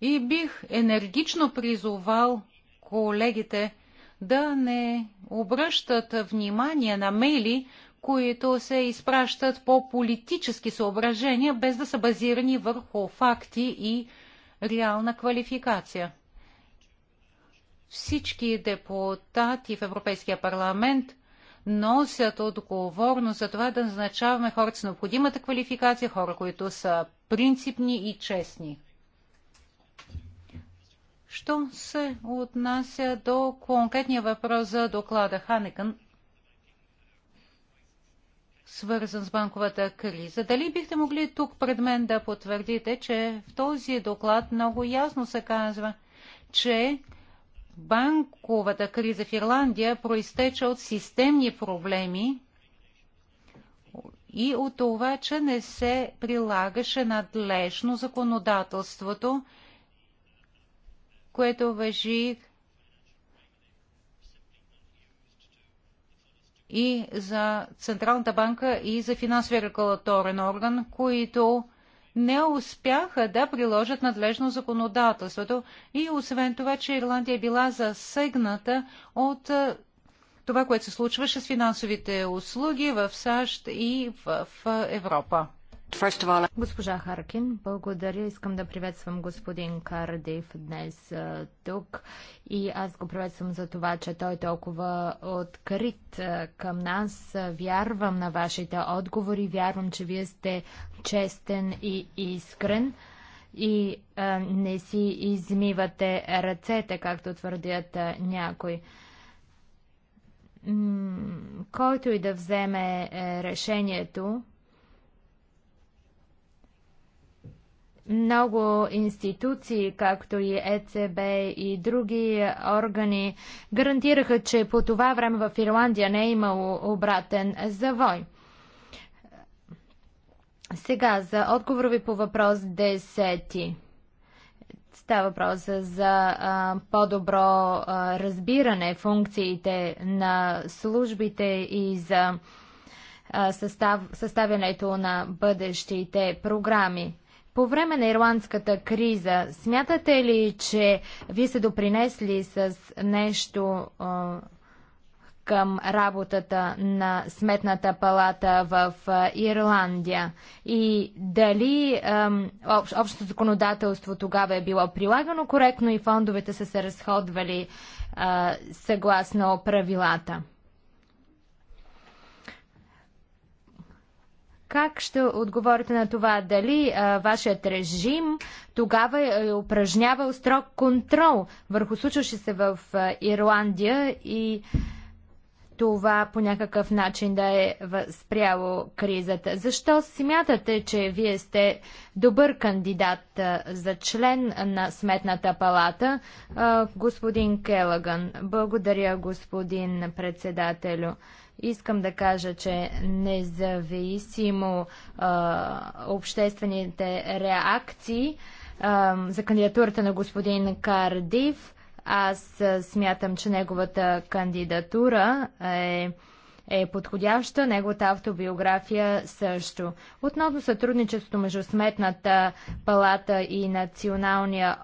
И бих енергично призовал колегите да не обръщат внимание на мейли, които се изпращат по политически съображения, без да са базирани върху факти и реална квалификация. Всички депутати в Европейския парламент носят отговорност за това да назначаваме хората с необходимата квалификация, хора, които са принципни и честни. Що се отнася до конкретния въпрос за доклада Ханекън, свързан с банковата криза. Дали бихте могли тук пред мен да потвърдите, че в този доклад много ясно се казва, че банковата криза в Ирландия проистеча от системни проблеми и от това, че не се прилагаше надлежно законодателството, което въжи и за Централната банка и за финансовия регулаторен орган, които не успяха да приложат надлежно законодателството и освен това, че Ирландия е била засегната от това, което се случваше с финансовите услуги в САЩ и в, в Европа. Госпожа Харкин, благодаря. Искам да приветствам господин Кардив днес тук и аз го приветствам за това, че той е толкова открит към нас. Вярвам на вашите отговори, вярвам, че вие сте честен и искрен и а, не си измивате ръцете, както твърдят а, М който и да вземе е, решението, Много институции, както и ЕЦБ и други органи, гарантираха, че по това време в Ирландия не е имало обратен завой. Сега за отговор ви по въпрос 10. Става въпрос за по-добро разбиране функциите на службите и за а, състав, съставянето на бъдещите програми. По време на ирландската криза, смятате ли, че вие сте допринесли с нещо а, към работата на Сметната палата в а, Ирландия? И дали ам, общ, общото законодателство тогава е било прилагано коректно и фондовете са се разходвали а, съгласно правилата? Как ще отговорите на това? Дали а, вашият режим тогава е, е упражнявал строг контрол върху случващи се в а, Ирландия и това по някакъв начин да е възпряло кризата? Защо смятате, че вие сте добър кандидат а, за член на Сметната палата, а, господин Келаган? Благодаря, господин председателю. Искам да кажа, че независимо а, обществените реакции а, за кандидатурата на господин Кардив, аз смятам, че неговата кандидатура е е подходяща, неговата автобиография също. Отново сътрудничеството между Сметната палата и Националния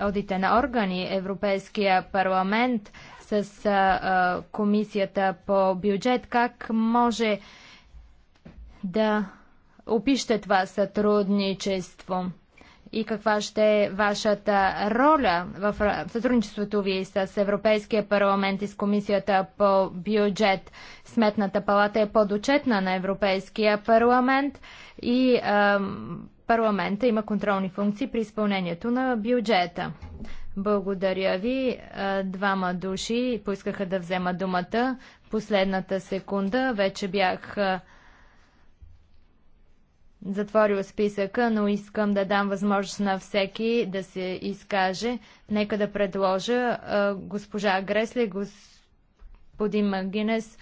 одитен орган и Европейския парламент с а, комисията по бюджет. Как може да опишете това сътрудничество? И каква ще е вашата роля в сътрудничеството ви с Европейския парламент и с Комисията по бюджет? Сметната палата е подочетна на Европейския парламент и а, парламента има контролни функции при изпълнението на бюджета. Благодаря ви. Двама души поискаха да взема думата. Последната секунда вече бях затворил списъка, но искам да дам възможност на всеки да се изкаже. Нека да предложа госпожа Гресли, господин Магинес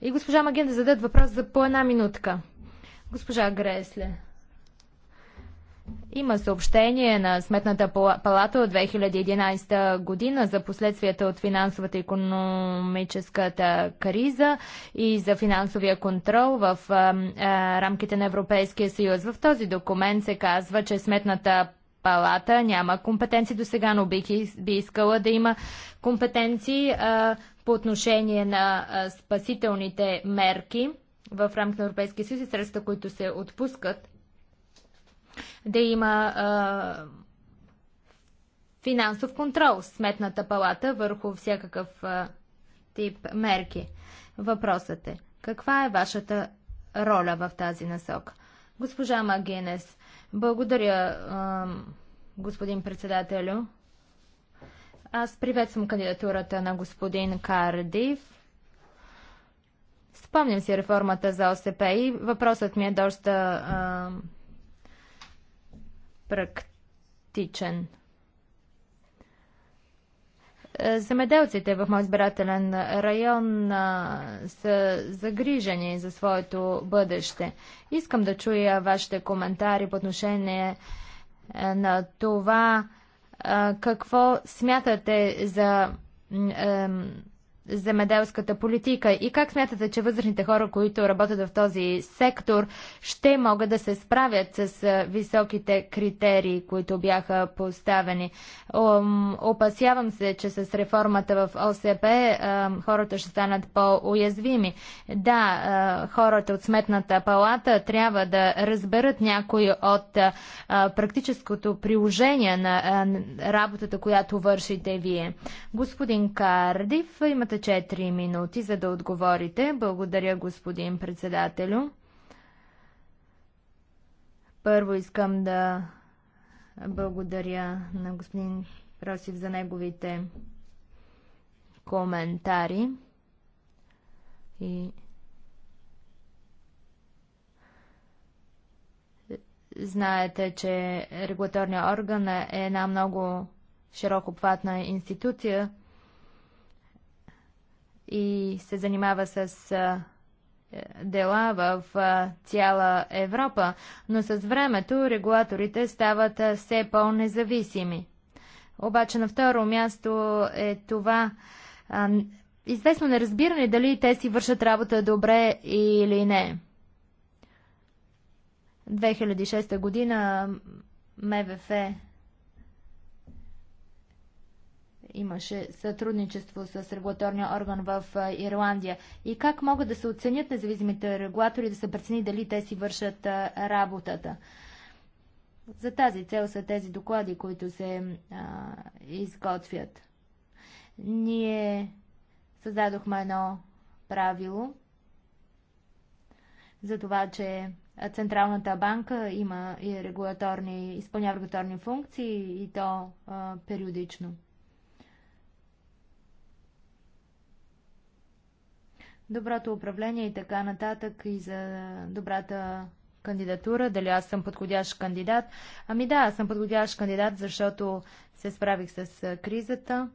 и госпожа Магинес да зададат въпрос за по една минутка. Госпожа Гресле. Има съобщение на Сметната палата от 2011 година за последствията от финансовата и економическата криза и за финансовия контрол в рамките на Европейския съюз. В този документ се казва, че Сметната палата няма компетенции до сега, но би, би искала да има компетенции по отношение на спасителните мерки в рамките на Европейския съюз и средства, които се отпускат да има а, финансов контрол сметната палата върху всякакъв а, тип мерки. Въпросът е, каква е вашата роля в тази насока? Госпожа Магенес, благодаря, а, господин председателю. Аз приветствам кандидатурата на господин Кардив. Спомням си реформата за ОСП и въпросът ми е доста а, практичен. Е, земеделците в моят избирателен район а, са загрижени за своето бъдеще. Искам да чуя вашите коментари по отношение а, е, на това а, какво смятате за земеделската политика и как смятате, че възрастните хора, които работят в този сектор, ще могат да се справят с високите критерии, които бяха поставени? Опасявам се, че с реформата в ОСП хората ще станат по-уязвими. Да, хората от Сметната палата трябва да разберат някои от практическото приложение на работата, която вършите вие. Господин Кардив, имате за 4 минути, за да отговорите. Благодаря, господин председателю. Първо искам да благодаря на господин Росив за неговите коментари и знаете, че регулаторният орган е една много широко платна институция, и се занимава с дела в цяла Европа, но с времето регулаторите стават все по-независими. Обаче на второ място е това известно неразбиране дали те си вършат работа добре или не. 2006 година МВФ имаше сътрудничество с регулаторния орган в Ирландия. И как могат да се оценят независимите регулатори, да се прецени дали те си вършат работата? За тази цел са тези доклади, които се а, изготвят. Ние създадохме едно правило за това, че Централната банка има и регулаторни, изпълнява регулаторни функции и то а, периодично. доброто управление и така нататък и за добрата кандидатура, дали аз съм подходящ кандидат. Ами да, аз съм подходящ кандидат, защото се справих с кризата.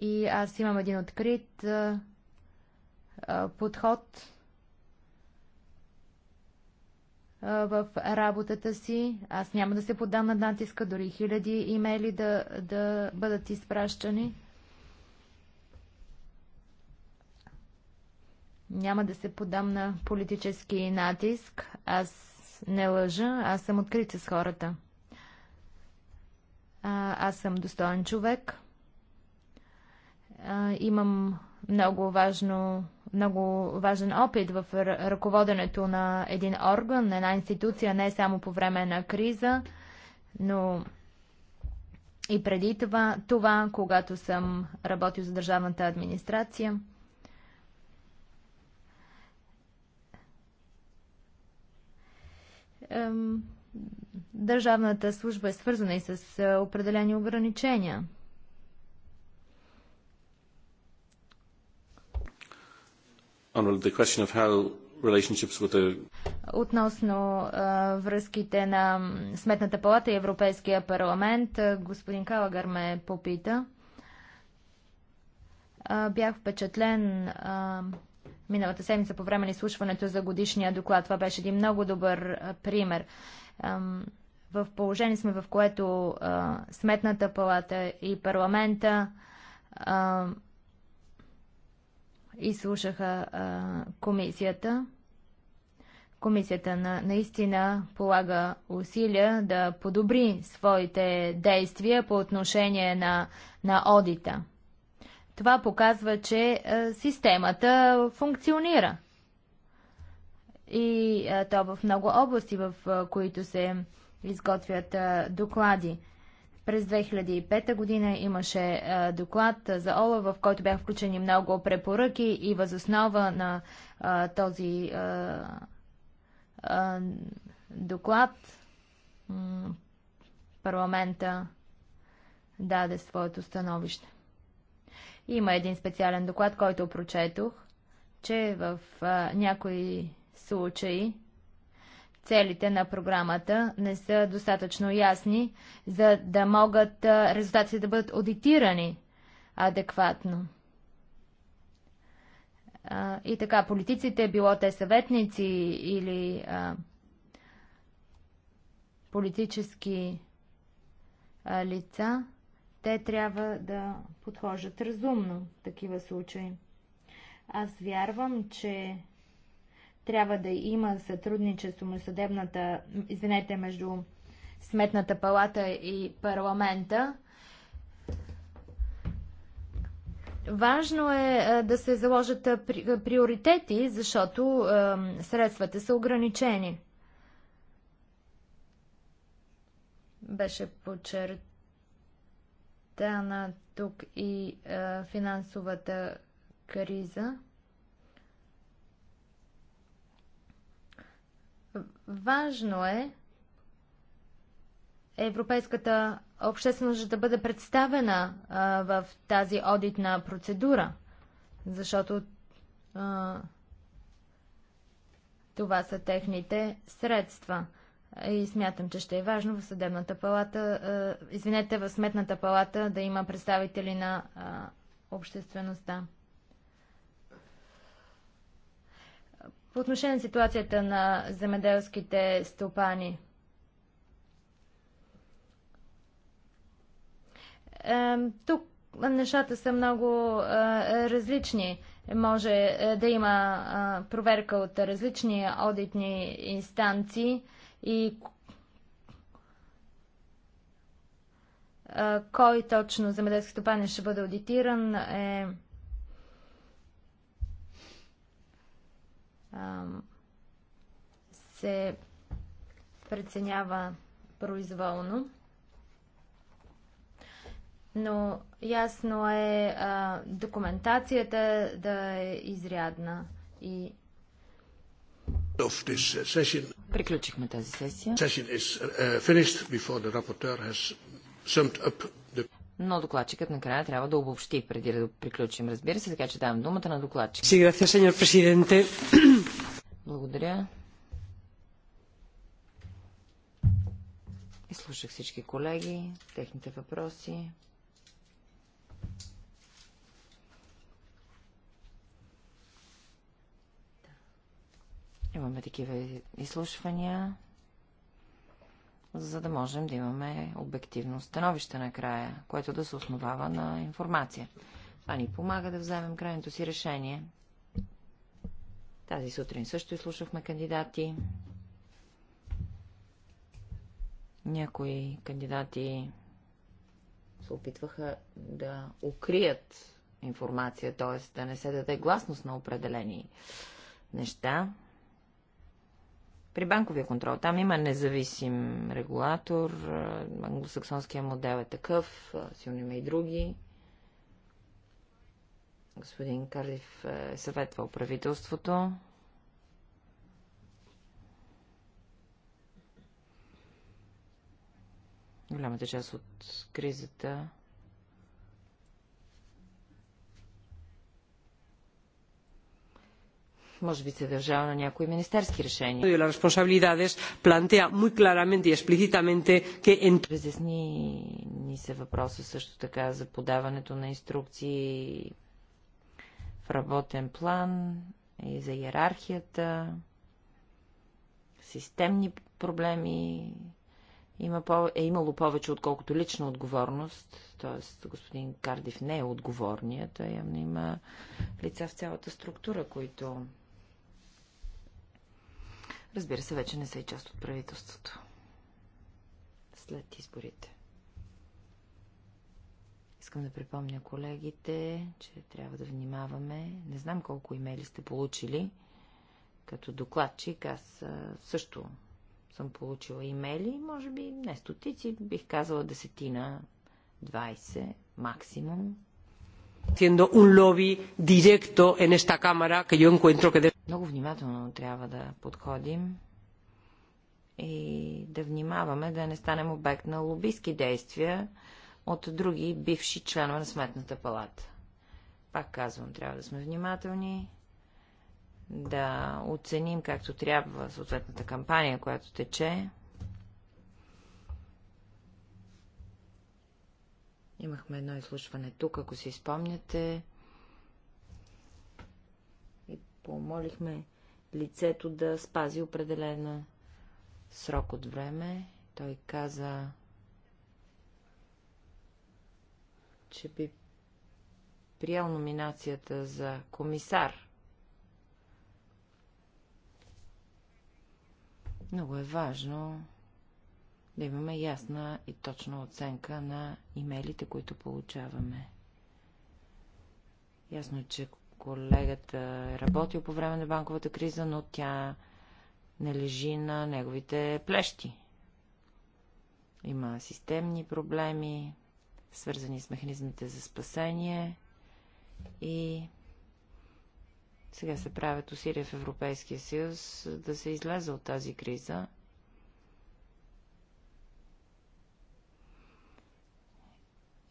И аз имам един открит а, подход в работата си. Аз няма да се поддам на натиска, дори хиляди имейли да, да бъдат изпращани. Няма да се подам на политически натиск. Аз не лъжа, аз съм открит с хората. А, аз съм достоен човек. А, имам много, важно, много важен опит в ръководенето на един орган, на една институция, не само по време на криза, но и преди това, това когато съм работил за държавната администрация. държавната служба е свързана и с е, определени ограничения. Относно е, връзките на Сметната палата и Европейския парламент, е, господин Калагър ме попита. бях впечатлен миналата седмица по време на изслушването за годишния доклад. Това беше един много добър пример. В положение сме, в което Сметната палата и парламента изслушаха комисията. Комисията на, наистина полага усилия да подобри своите действия по отношение на, на одита. Това показва, че системата функционира. И то в много области, в които се изготвят доклади. През 2005 година имаше доклад за ОЛА, в който бяха включени много препоръки и възоснова на този доклад парламента даде своето становище. Има един специален доклад, който прочетох, че в а, някои случаи целите на програмата не са достатъчно ясни, за да могат а, резултатите да бъдат аудитирани адекватно. А, и така, политиците, било те съветници или а, политически а, лица, те трябва да подхожат разумно в такива случаи. Аз вярвам, че трябва да има сътрудничество между съдебната, извинете, между Сметната палата и парламента. Важно е да се заложат приоритети, защото средствата са ограничени. Беше подчерт стана тук и а, е, финансовата криза. Важно е европейската общественост да бъде представена а, е, в тази одитна процедура, защото а, е, това са техните средства и смятам, че ще е важно в съдебната палата, извинете, в сметната палата да има представители на обществеността. По отношение на ситуацията на земеделските стопани. Тук нещата са много различни. Може е, да има проверка от различни одитни инстанции – и кой точно земеделски стопанин ще бъде аудитиран е се преценява произволно. Но ясно е а, документацията да е изрядна и of this session Приключихме тази сесия. Uh, Но докладчикът накрая трябва да обобщи, преди да приключим, разбира се, така че давам думата на докладчик. Благодаря. Изслушах всички колеги, техните въпроси. Имаме такива изслушвания, за да можем да имаме обективно становище накрая, което да се основава на информация. Това ни помага да вземем крайното си решение. Тази сутрин също изслушахме кандидати. Някои кандидати се опитваха да укрият информация, т.е. да не се даде гласност на определени неща. При банковия контрол там има независим регулатор, англосаксонския модел е такъв, силно има и други. Господин Карлив е съветвал правителството. Голямата част от кризата може би се държава на някои министерски решения. Разясни ни се въпроса също така за подаването на инструкции в работен план и за иерархията, системни проблеми, има по... е имало повече, отколкото лична отговорност. Т.е. господин Кардив не е отговорният, а явно има лица в цялата структура, които Разбира се, вече не са и част от правителството. След изборите. Искам да припомня колегите, че трябва да внимаваме. Не знам колко имейли сте получили. Като докладчик аз също съм получила имейли, може би не стотици, бих казала десетина, 20 максимум. Haciendo un lobby directo en esta cámara que yo encuentro que много внимателно трябва да подходим и да внимаваме да не станем обект на лобистки действия от други бивши членове на Сметната палата. Пак казвам, трябва да сме внимателни, да оценим както трябва съответната кампания, която тече. Имахме едно изслушване тук, ако си спомняте помолихме лицето да спази определена срок от време. Той каза, че би приял номинацията за комисар. Много е важно да имаме ясна и точна оценка на имейлите, които получаваме. Ясно е, че Колегата е работил по време на банковата криза, но тя не лежи на неговите плещи. Има системни проблеми, свързани с механизмите за спасение и сега се правят усилия в Европейския съюз да се излезе от тази криза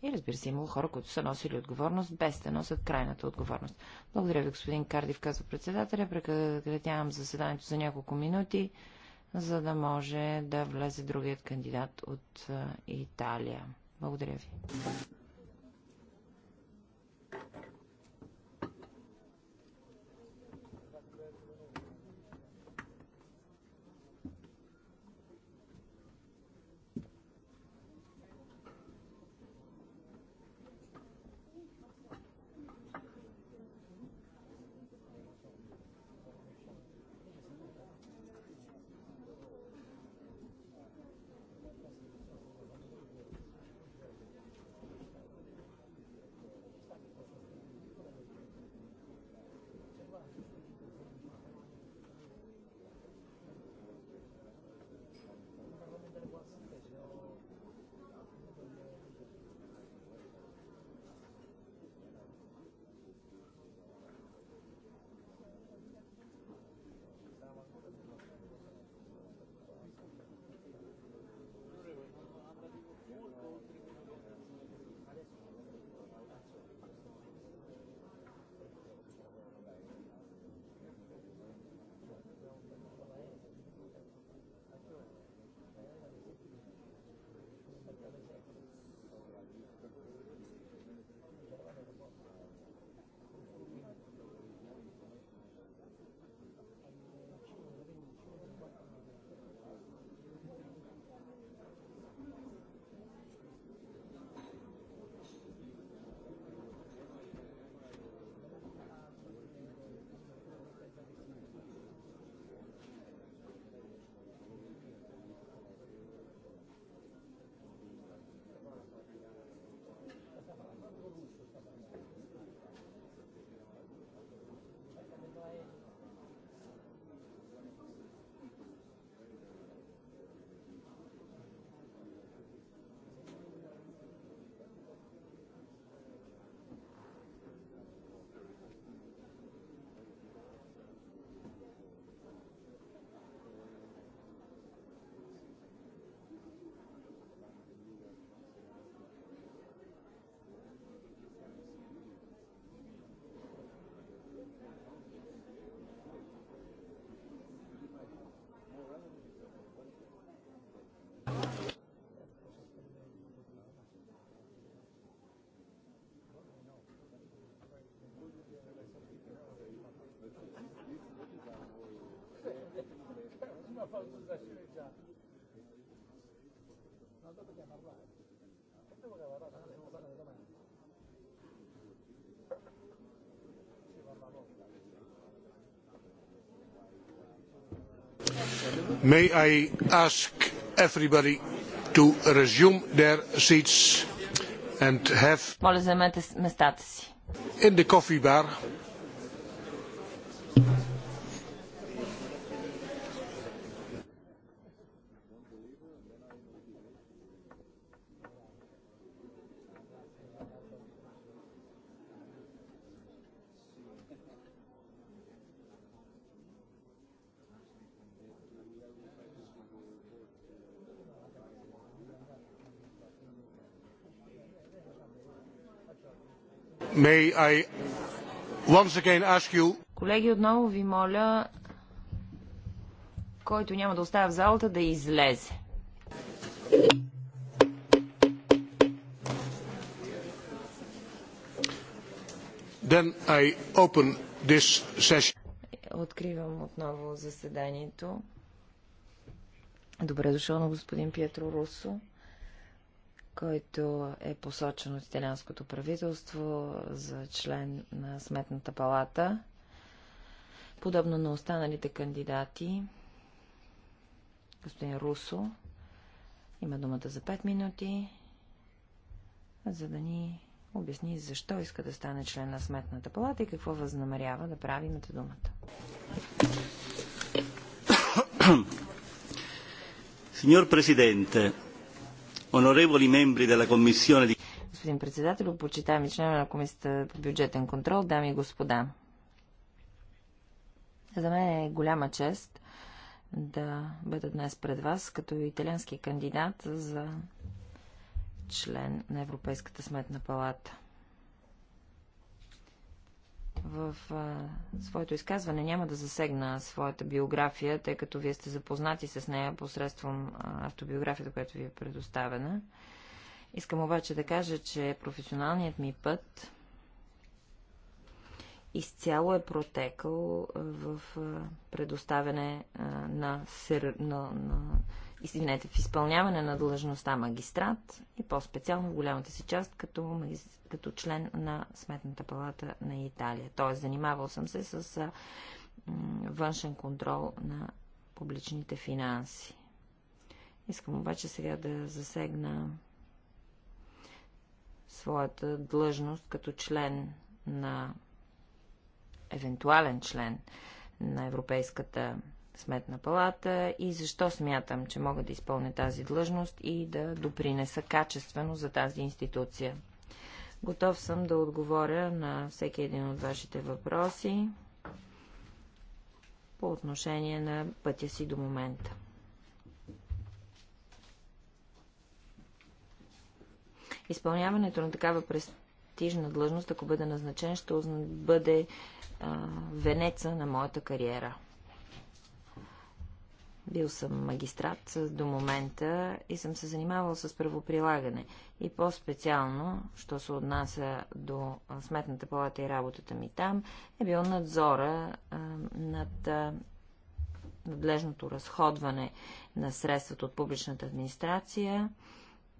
И разбира се, имало хора, които са носили отговорност, без да носят крайната отговорност. Благодаря ви, господин Кардив, казва председателя. Прекратявам заседанието за няколко минути, за да може да влезе другият кандидат от Италия. Благодаря ви. May I ask everybody to resume their seats and have in the coffee bar I once again ask you... Колеги, отново ви моля, който няма да оставя в залата, да излезе. Then I open this session. Откривам отново заседанието. Добре дошъл на господин Пьетро Русо който е посочен от италианското правителство за член на Сметната палата. Подобно на останалите кандидати, господин Русо има думата за 5 минути, за да ни обясни защо иска да стане член на Сметната палата и какво възнамерява да прави. Имате думата. Сеньор президенте, onorevoli membri della Commissione di... Господин председател, почитаеми членове на Комисията по бюджетен контрол, дами и господа. За мен е голяма чест да бъда днес пред вас като италиански кандидат за член на Европейската сметна палата в а, своето изказване няма да засегна своята биография, тъй като вие сте запознати с нея посредством а, автобиографията, която ви е предоставена. Искам обаче да кажа, че професионалният ми път изцяло е протекал в предоставяне на, сер... на, на извинете, в изпълняване на длъжността магистрат и по-специално в голямата си част като, като член на Сметната палата на Италия. Тоест, занимавал съм се с външен контрол на публичните финанси. Искам обаче сега да засегна своята длъжност като член на евентуален член на Европейската сметна палата и защо смятам, че мога да изпълня тази длъжност и да допринеса качествено за тази институция. Готов съм да отговоря на всеки един от вашите въпроси по отношение на пътя си до момента. Изпълняването на такава престижна длъжност, ако бъде назначен, ще бъде а, венеца на моята кариера. Бил съм магистрат до момента и съм се занимавал с правоприлагане. И по-специално, що се отнася до Сметната палата и работата ми там, е бил надзора а, над а, надлежното разходване на средствата от публичната администрация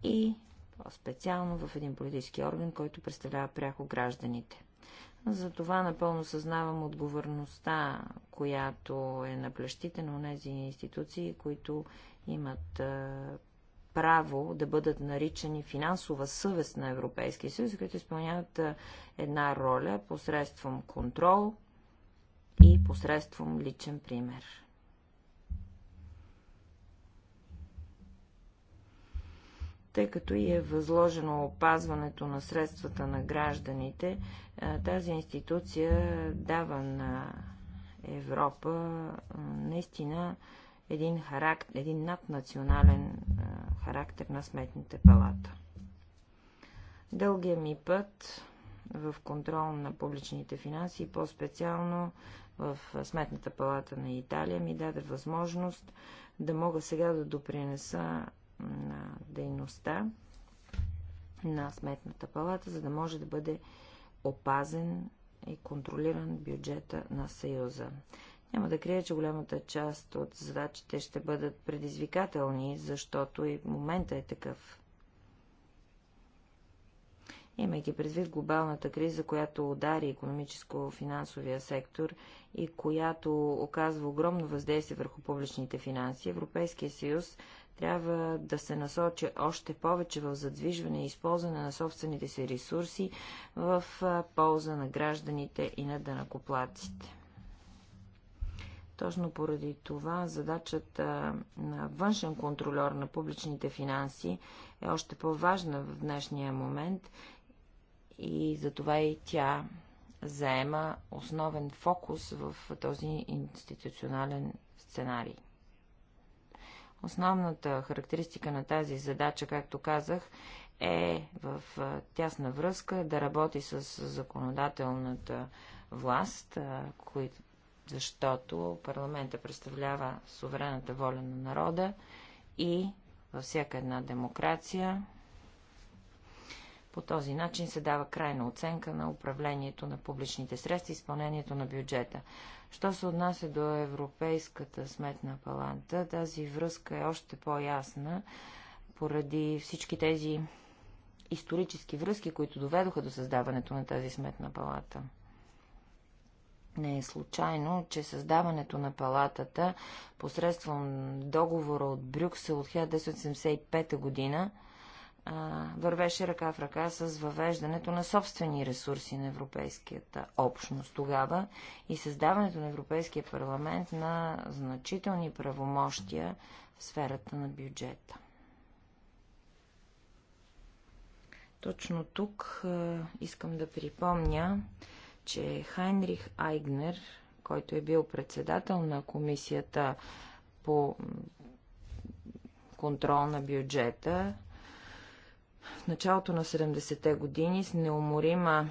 и по-специално в един политически орган, който представлява пряко гражданите. За това напълно съзнавам отговорността, която е на плещите на тези институции, които имат право да бъдат наричани финансова съвест на Европейския съюз, които изпълняват една роля посредством контрол и посредством личен пример. тъй като и е възложено опазването на средствата на гражданите, тази институция дава на Европа наистина един, характер, един наднационален характер на сметните палата. Дългия ми път в контрол на публичните финанси по-специално в Сметната палата на Италия ми даде възможност да мога сега да допринеса на дейността на Сметната палата, за да може да бъде опазен и контролиран бюджета на Съюза. Няма да крия, че голямата част от задачите ще бъдат предизвикателни, защото и момента е такъв. Имайки предвид глобалната криза, която удари економическо-финансовия сектор и която оказва огромно въздействие върху публичните финанси, Европейския съюз трябва да се насоча още повече в задвижване и използване на собствените си ресурси в полза на гражданите и на дънакоплаците. Точно поради това задачата на външен контролер на публичните финанси е още по-важна в днешния момент и затова и тя заема основен фокус в този институционален сценарий. Основната характеристика на тази задача, както казах, е в тясна връзка да работи с законодателната власт, защото парламента представлява суверената воля на народа и във всяка една демокрация по този начин се дава крайна оценка на управлението на публичните средства и изпълнението на бюджета. Що се отнася до Европейската сметна паланта, тази връзка е още по-ясна поради всички тези исторически връзки, които доведоха до създаването на тази сметна палата. Не е случайно, че създаването на палатата посредством договора от Брюксел от 1975 година – вървеше ръка в ръка с въвеждането на собствени ресурси на Европейската общност тогава и създаването на Европейския парламент на значителни правомощия в сферата на бюджета. Точно тук искам да припомня, че Хайнрих Айгнер, който е бил председател на комисията по контрол на бюджета, в началото на 70-те години с неуморима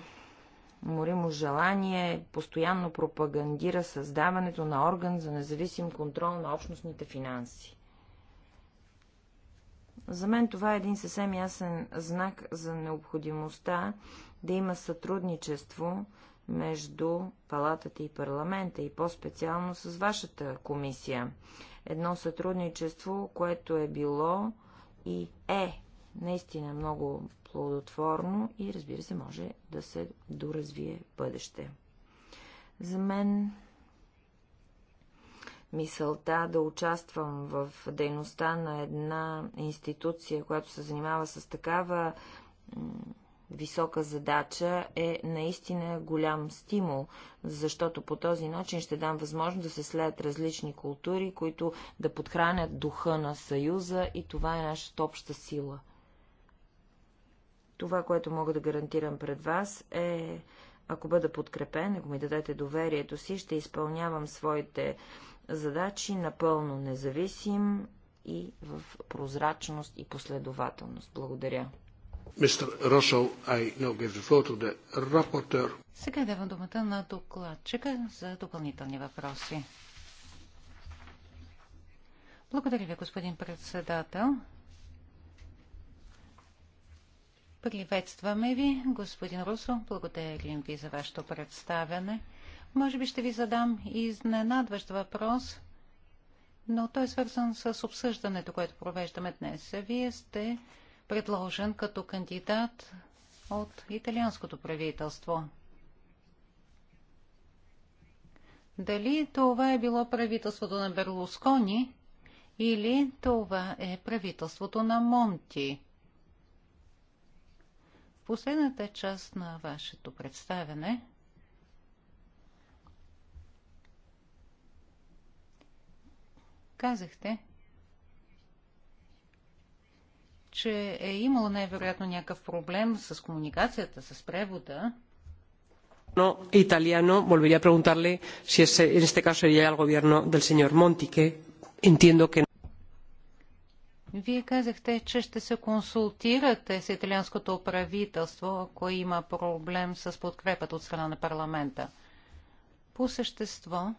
Моримо желание постоянно пропагандира създаването на орган за независим контрол на общностните финанси. За мен това е един съвсем ясен знак за необходимостта да има сътрудничество между палатата и парламента и по-специално с вашата комисия. Едно сътрудничество, което е било и е наистина много плодотворно и разбира се може да се доразвие бъдеще. За мен мисълта да участвам в дейността на една институция, която се занимава с такава висока задача е наистина голям стимул, защото по този начин ще дам възможност да се следят различни култури, които да подхранят духа на Съюза и това е нашата обща сила – това, което мога да гарантирам пред вас е, ако бъда подкрепен, ако ми дадете доверието си, ще изпълнявам своите задачи напълно независим и в прозрачност и последователност. Благодаря. Сега давам думата на докладчика за допълнителни въпроси. Благодаря ви, господин председател. Приветстваме ви, господин Русо. Благодарим ви за вашето представяне. Може би ще ви задам изненадващ въпрос, но той е свързан с обсъждането, което провеждаме днес. Вие сте предложен като кандидат от италианското правителство. Дали това е било правителството на Берлускони или това е правителството на Монти? последната част на вашето представене казахте, че е имало най-вероятно някакъв проблем с комуникацията, с превода. No, italiano, volvería a preguntarle si es, en este caso sería el gobierno del señor Monti, que entiendo que вие казахте, че ще се консултирате с италианското правителство, ако има проблем с подкрепата от страна на парламента. По същество,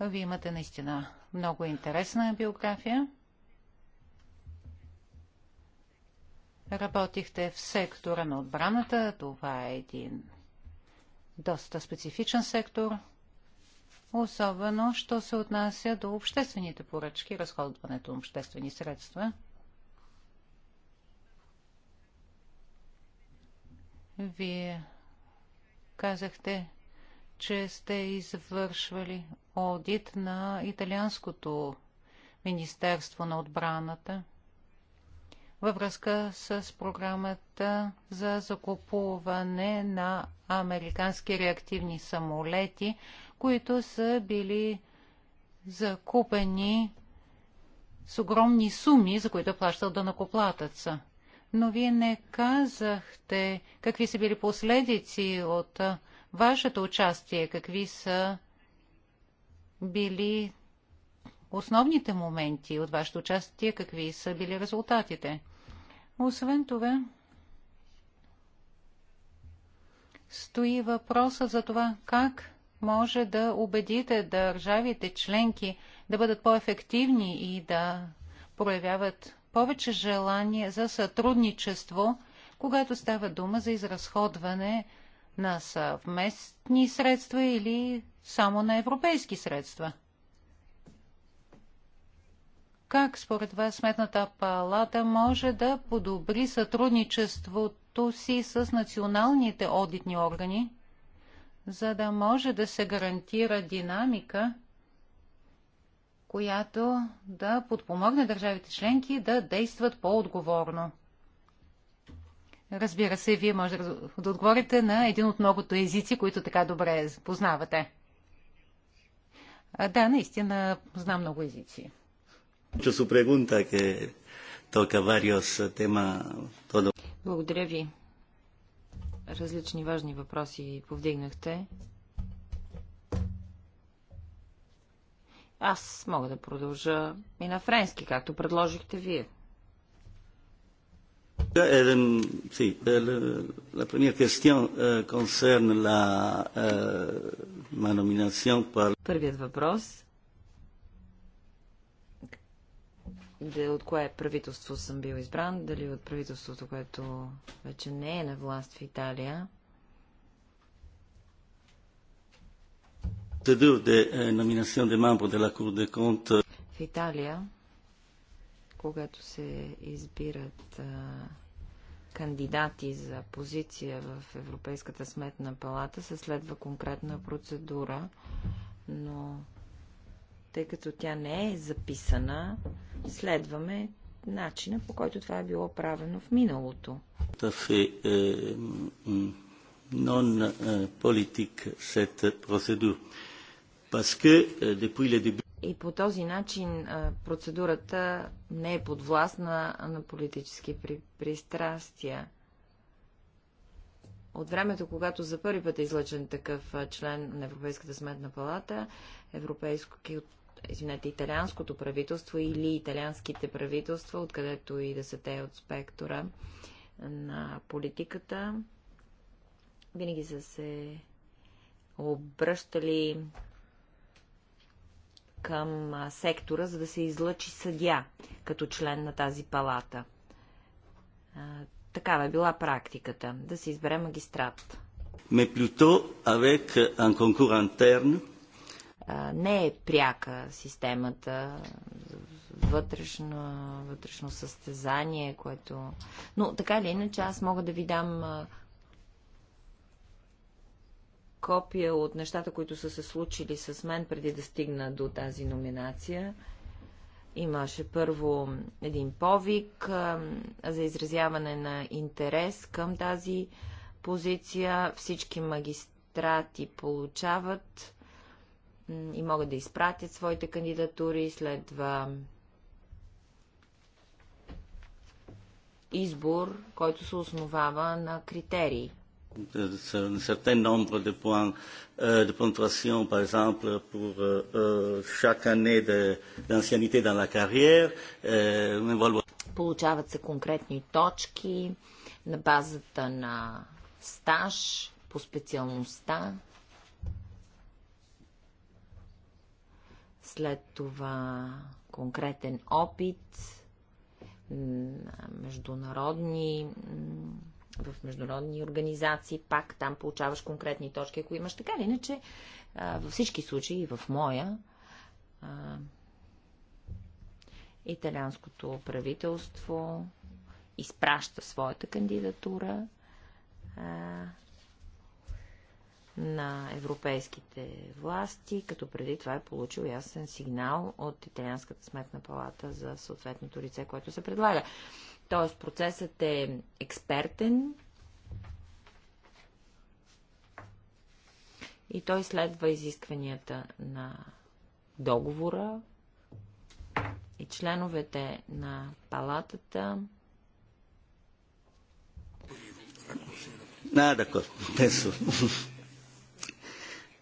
Вие имате наистина много интересна биография. Работихте в сектора на отбраната. Това е един доста специфичен сектор – особено що се отнася до обществените поръчки, разходването на обществени средства. Вие казахте, че сте извършвали одит на Италианското Министерство на отбраната във връзка с програмата за закупуване на американски реактивни самолети които са били закупени с огромни суми, за които е плащал данакоплатъца. Но вие не казахте какви са били последици от вашето участие, какви са били основните моменти от вашето участие, какви са били резултатите. Освен това, стои въпроса за това как може да убедите държавите членки да бъдат по-ефективни и да проявяват повече желание за сътрудничество, когато става дума за изразходване на съвместни средства или само на европейски средства? Как според вас Сметната палата може да подобри сътрудничеството си с националните одитни органи? за да може да се гарантира динамика, която да подпомогне държавите членки да действат по-отговорно. Разбира се, вие може да отговорите на един от многото езици, които така добре познавате. А, да, наистина знам много езици. Благодаря ви. Различни важни въпроси повдигнахте. Аз мога да продължа и на френски, както предложихте вие. Е, е, е, la première question concerne la ma nomination par... Първият въпрос да, от кое правителство съм бил избран, дали от правителството, което вече не е на власт в Италия. Е, е. В Италия, когато се избират е, кандидати за позиция в Европейската сметна палата, се следва конкретна процедура, но тъй като тя не е записана, следваме начина, по който това е било правено в миналото. Е, non е, politique cette procédure. Parce que е, depuis le début. И по този начин процедурата не е подвластна на политически пристрастия. От времето, когато за първи път е излъчен такъв член на Европейската сметна палата, европейското извинете, италианското правителство или италианските правителства, откъдето и да са те от спектъра на политиката, винаги са се обръщали към сектора, за да се излъчи съдя като член на тази палата. Такава е била практиката, да се избере магистрат. Ме плюто avec un concours интерн не е пряка системата, вътрешно, вътрешно състезание, което... Но така или иначе аз мога да ви дам копия от нещата, които са се случили с мен преди да стигна до тази номинация. Имаше първо един повик а, за изразяване на интерес към тази позиция. Всички магистрати получават и могат да изпратят своите кандидатури. Следва избор, който се основава на критерии. Un е, certain nombre de points е, de ponctuation, par exemple, pour е, chaque année d'ancienneté dans la carrière. Получават се конкретни точки на базата на стаж по специалността. След това конкретен опит международни в международни организации, пак там получаваш конкретни точки, ако имаш. Така или иначе, във всички случаи, в моя, италианското правителство изпраща своята кандидатура на европейските власти, като преди това е получил ясен сигнал от Италианската сметна палата за съответното лице, което се предлага. Тоест процесът е експертен и той следва изискванията на договора и членовете на палатата. Да, да,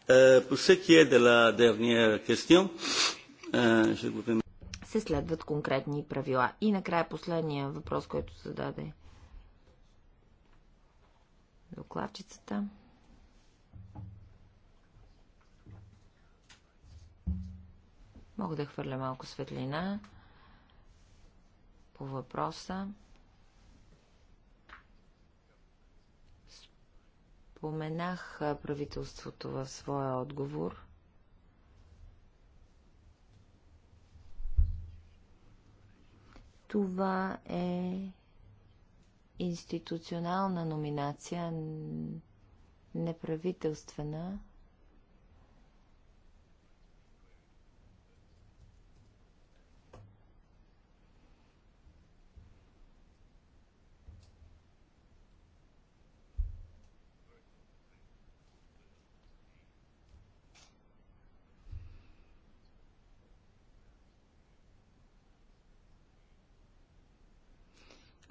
по euh, всеки euh, се следват конкретни правила. И накрая последния въпрос, който зададе докладчицата. Мога да хвърля малко светлина по въпроса. Споменах правителството в своя отговор. Това е институционална номинация, неправителствена,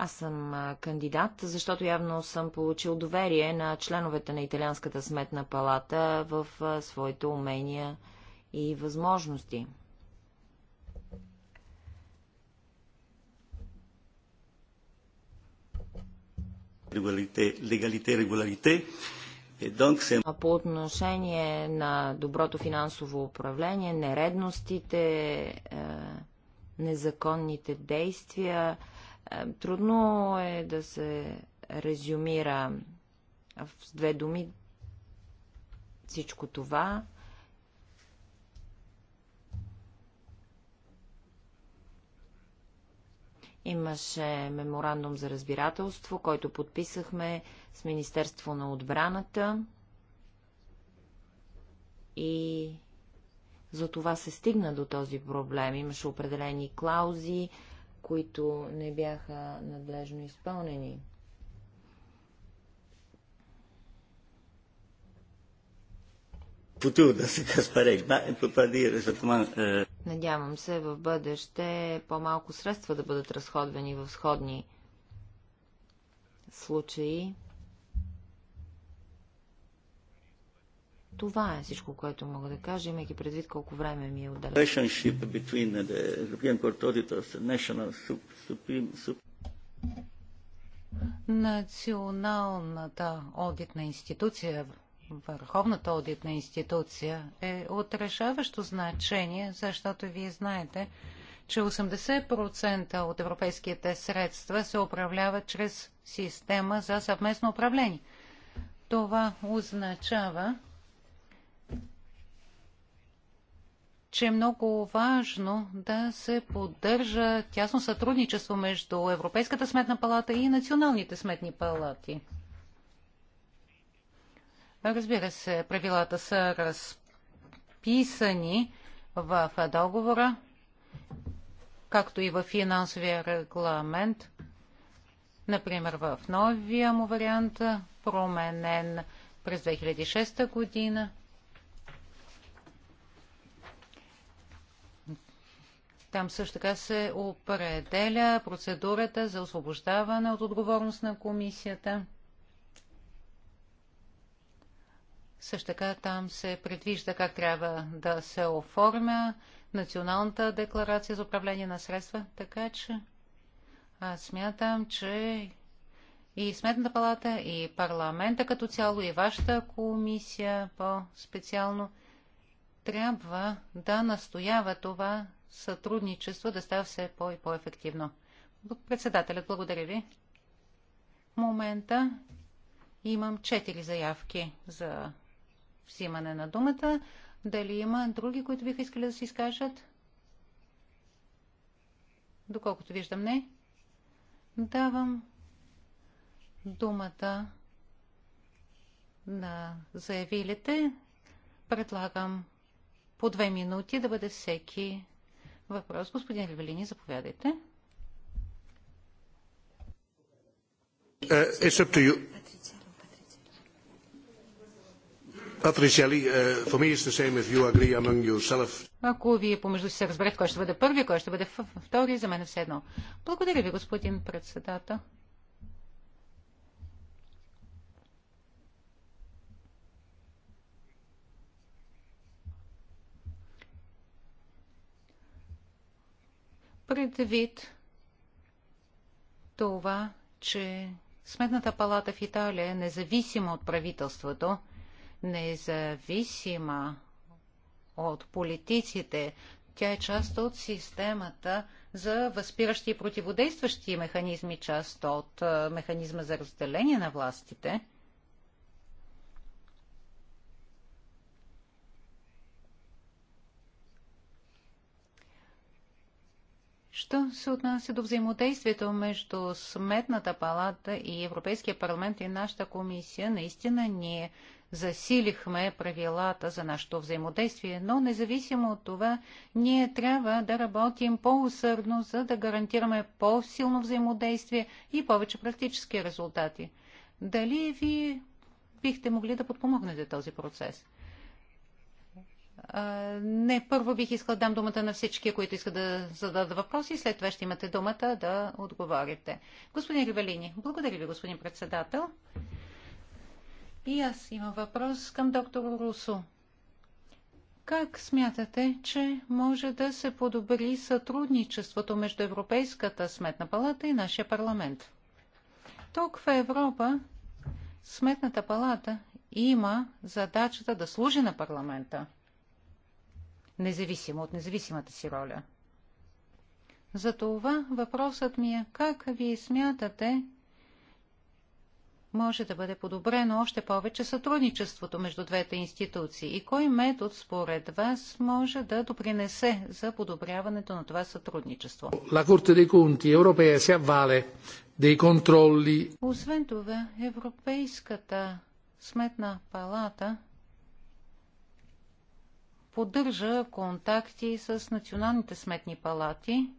Аз съм кандидат, защото явно съм получил доверие на членовете на Италианската сметна палата в своите умения и възможности. легалите, регуларите. Е, а по отношение на доброто финансово управление, нередностите, е, незаконните действия, е, трудно е да се резюмира с две думи всичко това. Имаше меморандум за разбирателство, който подписахме с Министерство на отбраната. И за това се стигна до този проблем. Имаше определени клаузи, които не бяха надлежно изпълнени. Надявам се в бъдеще по-малко средства да бъдат разходвани в сходни случаи Това е всичко, което мога да кажа, имайки предвид колко време ми е отделено. Националната одитна институция, Върховната одитна институция е от решаващо значение, защото вие знаете, че 80% от европейските средства се управляват чрез система за съвместно управление. Това означава, че е много важно да се поддържа тясно сътрудничество между Европейската сметна палата и националните сметни палати. Разбира се, правилата са разписани в договора, както и в финансовия регламент. Например, в новия му вариант, променен през 2006 година – Там също така се определя процедурата за освобождаване от отговорност на комисията. Също така там се предвижда как трябва да се оформя Националната декларация за управление на средства. Така че аз смятам, че и Сметната палата, и парламента като цяло, и вашата комисия по-специално трябва да настоява това сътрудничество да става все по- и по-ефективно. Председателят, благодаря ви. В момента имам четири заявки за взимане на думата. Дали има други, които биха искали да се изкажат? Доколкото виждам, не. Давам думата на заявилите. Предлагам по две минути да бъде всеки въпрос. Господин Ревелини, заповядайте. Uh, it's the same you Ако вие помежду си се разберете кой ще бъде първи, кой ще бъде втори, за мен е все едно. Благодаря ви, господин председател. вид това, че Сметната палата в Италия е независима от правителството, независима от политиците. Тя е част от системата за възпиращи и противодействащи механизми, част от механизма за разделение на властите – Що се отнася до взаимодействието между Сметната палата и Европейския парламент и нашата комисия, наистина ние засилихме правилата за нашето взаимодействие, но независимо от това, ние трябва да работим по-усърдно, за да гарантираме по-силно взаимодействие и повече практически резултати. Дали ви бихте могли да подпомогнете този процес? не, първо бих искал да дам думата на всички, които искат да зададат въпроси и след това ще имате думата да отговорите. Господин Ривелини, благодаря ви, господин председател. И аз имам въпрос към доктор Русо. Как смятате, че може да се подобри сътрудничеството между Европейската сметна палата и нашия парламент? Тук в Европа Сметната палата има задачата да служи на парламента независимо от независимата си роля. Затова въпросът ми е как вие смятате, може да бъде подобрено още повече сътрудничеството между двете институции и кой метод според вас може да допринесе за подобряването на това сътрудничество? La Corte dei Conti europea avvale dei controlli. Освен това, Европейската сметна палата поддържа контакти с националните сметни палати,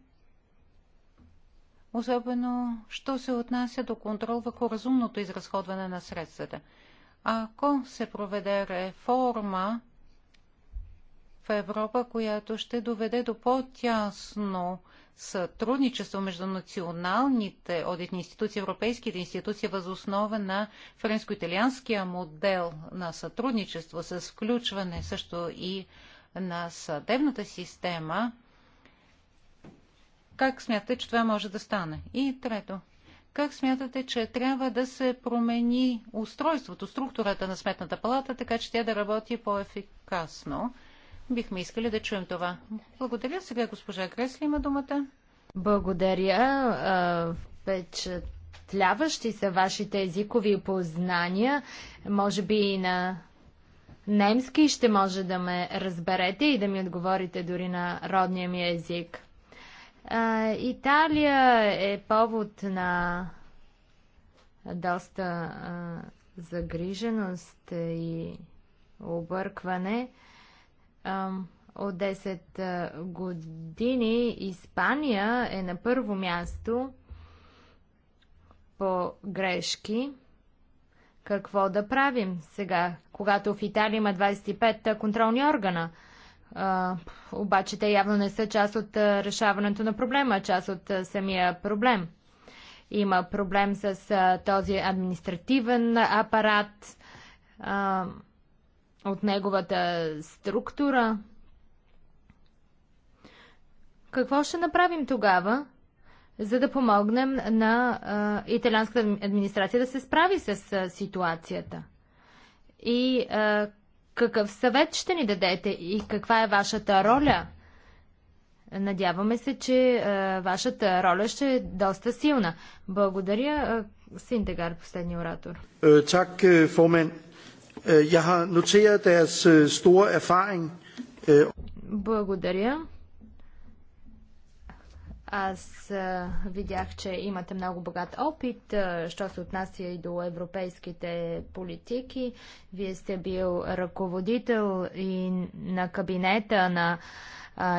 особено що се отнася до контрол върху разумното изразходване на средствата. Ако се проведе реформа в Европа, която ще доведе до по-тясно сътрудничество между националните одитни институции, европейските институции, възоснова на френско-италианския модел на сътрудничество с включване също и на съдебната система. Как смятате, че това може да стане? И трето, как смятате, че трябва да се промени устройството, структурата на Сметната палата, така че тя да работи по-ефикасно? Бихме искали да чуем това. Благодаря. Сега госпожа Кресли има думата. Благодаря. Впечатляващи са вашите езикови познания. Може би и на немски ще може да ме разберете и да ми отговорите дори на родния ми език. Италия е повод на доста загриженост и объркване от 10 години Испания е на първо място по грешки. Какво да правим сега, когато в Италия има 25 контролни органа? А, обаче те явно не са част от решаването на проблема, а част от самия проблем. Има проблем с този административен апарат. А, от неговата структура. Какво ще направим тогава, за да помогнем на а, италианската администрация да се справи с а, ситуацията? И а, какъв съвет ще ни дадете и каква е вашата роля? Надяваме се, че а, вашата роля ще е доста силна. Благодаря, а, Синтегар, последния оратор. Е, чак, е, формен. Øh, øh, øh, Благодаря. Аз видях, че имате много богат опит, що се отнася и до европейските политики. Вие сте бил ръководител и на кабинета на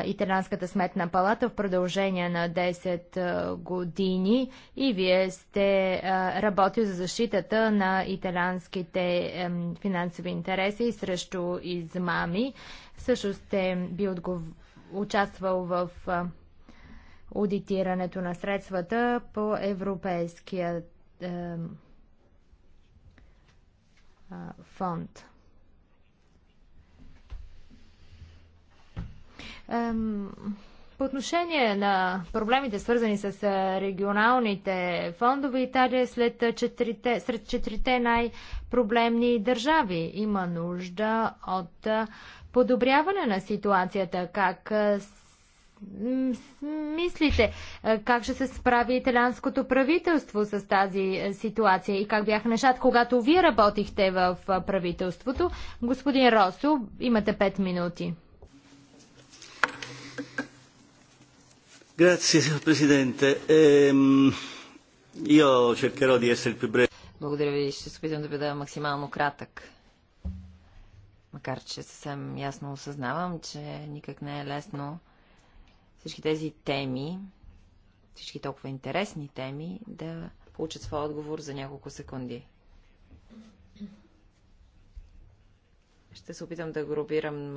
Италианската сметна палата в продължение на 10 години и вие сте работил за защитата на италянските финансови интереси срещу измами. Също сте бил отгов... участвал в аудитирането на средствата по европейския фонд. По отношение на проблемите, свързани с е, регионалните фондове, Италия е след е, четирите, сред четирите най-проблемни държави има нужда от подобряване на ситуацията. Как мислите, как ще се справи италианското правителство с тази ситуация и как бяха нещата, когато вие работихте в правителството? Господин Росо, имате 5 минути. Grazie, signor Presidente. Ehm, io cercherò di essere più breve. Благодаря ви. Ще се опитам да бъда максимално кратък. Макар, че съвсем ясно осъзнавам, че никак не е лесно всички тези теми, всички толкова интересни теми, да получат своя отговор за няколко секунди. Ще се опитам да групирам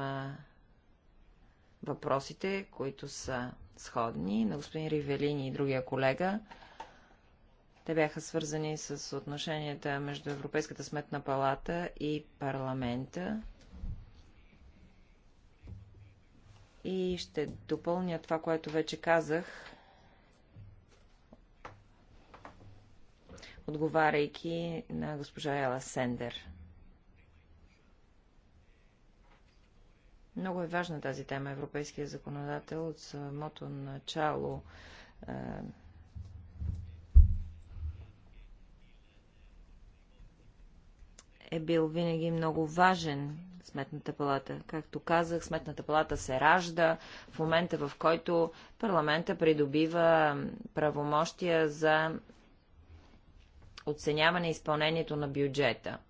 въпросите, които са сходни на господин Ривелини и другия колега. Те бяха свързани с отношенията между Европейската сметна палата и парламента. И ще допълня това, което вече казах, отговаряйки на госпожа Ела Сендер. Много е важна тази тема. Европейския законодател от самото начало е, е бил винаги много важен Сметната палата. Както казах, Сметната палата се ражда в момента, в който парламента придобива правомощия за оценяване изпълнението на бюджета –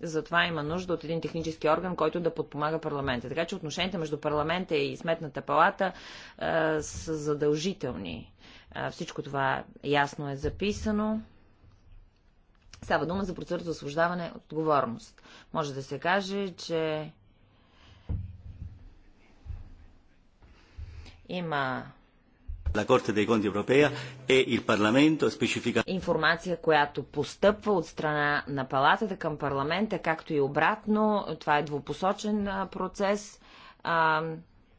Затова има нужда от един технически орган, който да подпомага парламента. Така че отношенията между парламента и сметната палата а, са задължителни. А, всичко това ясно е записано. Става дума за процедурата за освобождаване от отговорност. Може да се каже, че има E Информация, която постъпва от страна на палатата към парламента, както и обратно. Това е двупосочен процес.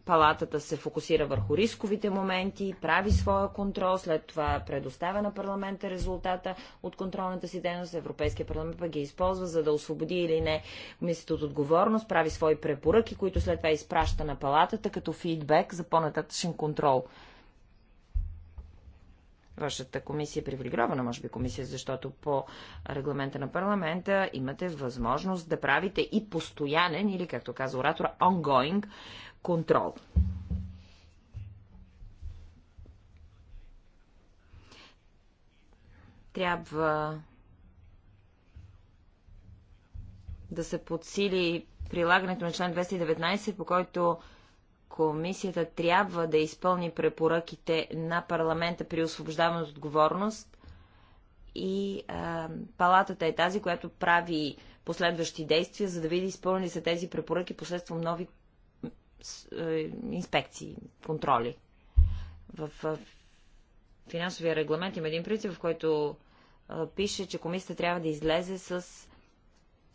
Палатата се фокусира върху рисковите моменти, прави своя контрол, след това предоставя на парламента резултата от контролната си дейност. Европейския парламент пък ги използва, за да освободи или не комисията от отговорност, прави свои препоръки, които след това изпраща на палатата като фидбек за по-нататъчен контрол вашата комисия е привилегирована, може би комисия, защото по регламента на парламента имате възможност да правите и постоянен, или както каза оратора, ongoing контрол. Трябва да се подсили прилагането на член 219, по който Комисията трябва да изпълни препоръките на парламента при освобождаване от отговорност и а, палатата е тази, която прави последващи действия, за да види изпълнени са тези препоръки посредством нови е, инспекции, контроли. В, в финансовия регламент има един принцип, в който а, пише, че комисията трябва да излезе с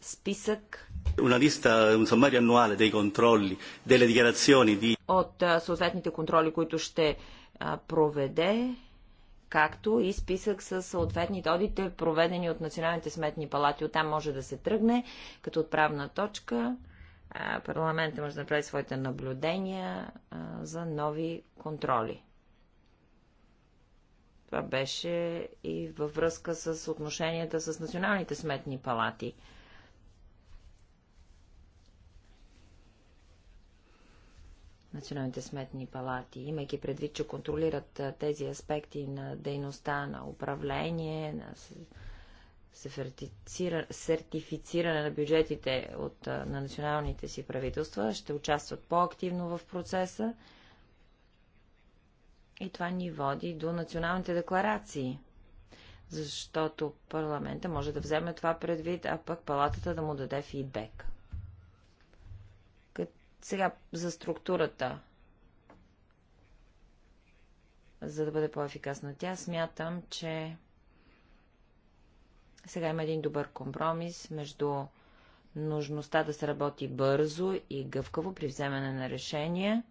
списък от съответните контроли, които ще проведе, както и списък с съответните одите, проведени от националните сметни палати. Оттам може да се тръгне като отправна точка. Парламентът може да направи своите наблюдения за нови контроли. Това беше и във връзка с отношенията с националните сметни палати. националните сметни палати, имайки предвид, че контролират тези аспекти на дейността на управление, на сертифициране на бюджетите от, на националните си правителства, ще участват по-активно в процеса. И това ни води до националните декларации, защото парламента може да вземе това предвид, а пък палатата да му даде фидбек. Сега за структурата. За да бъде по-ефикасна тя, смятам, че сега има един добър компромис между нужността да се работи бързо и гъвкаво при вземане на решения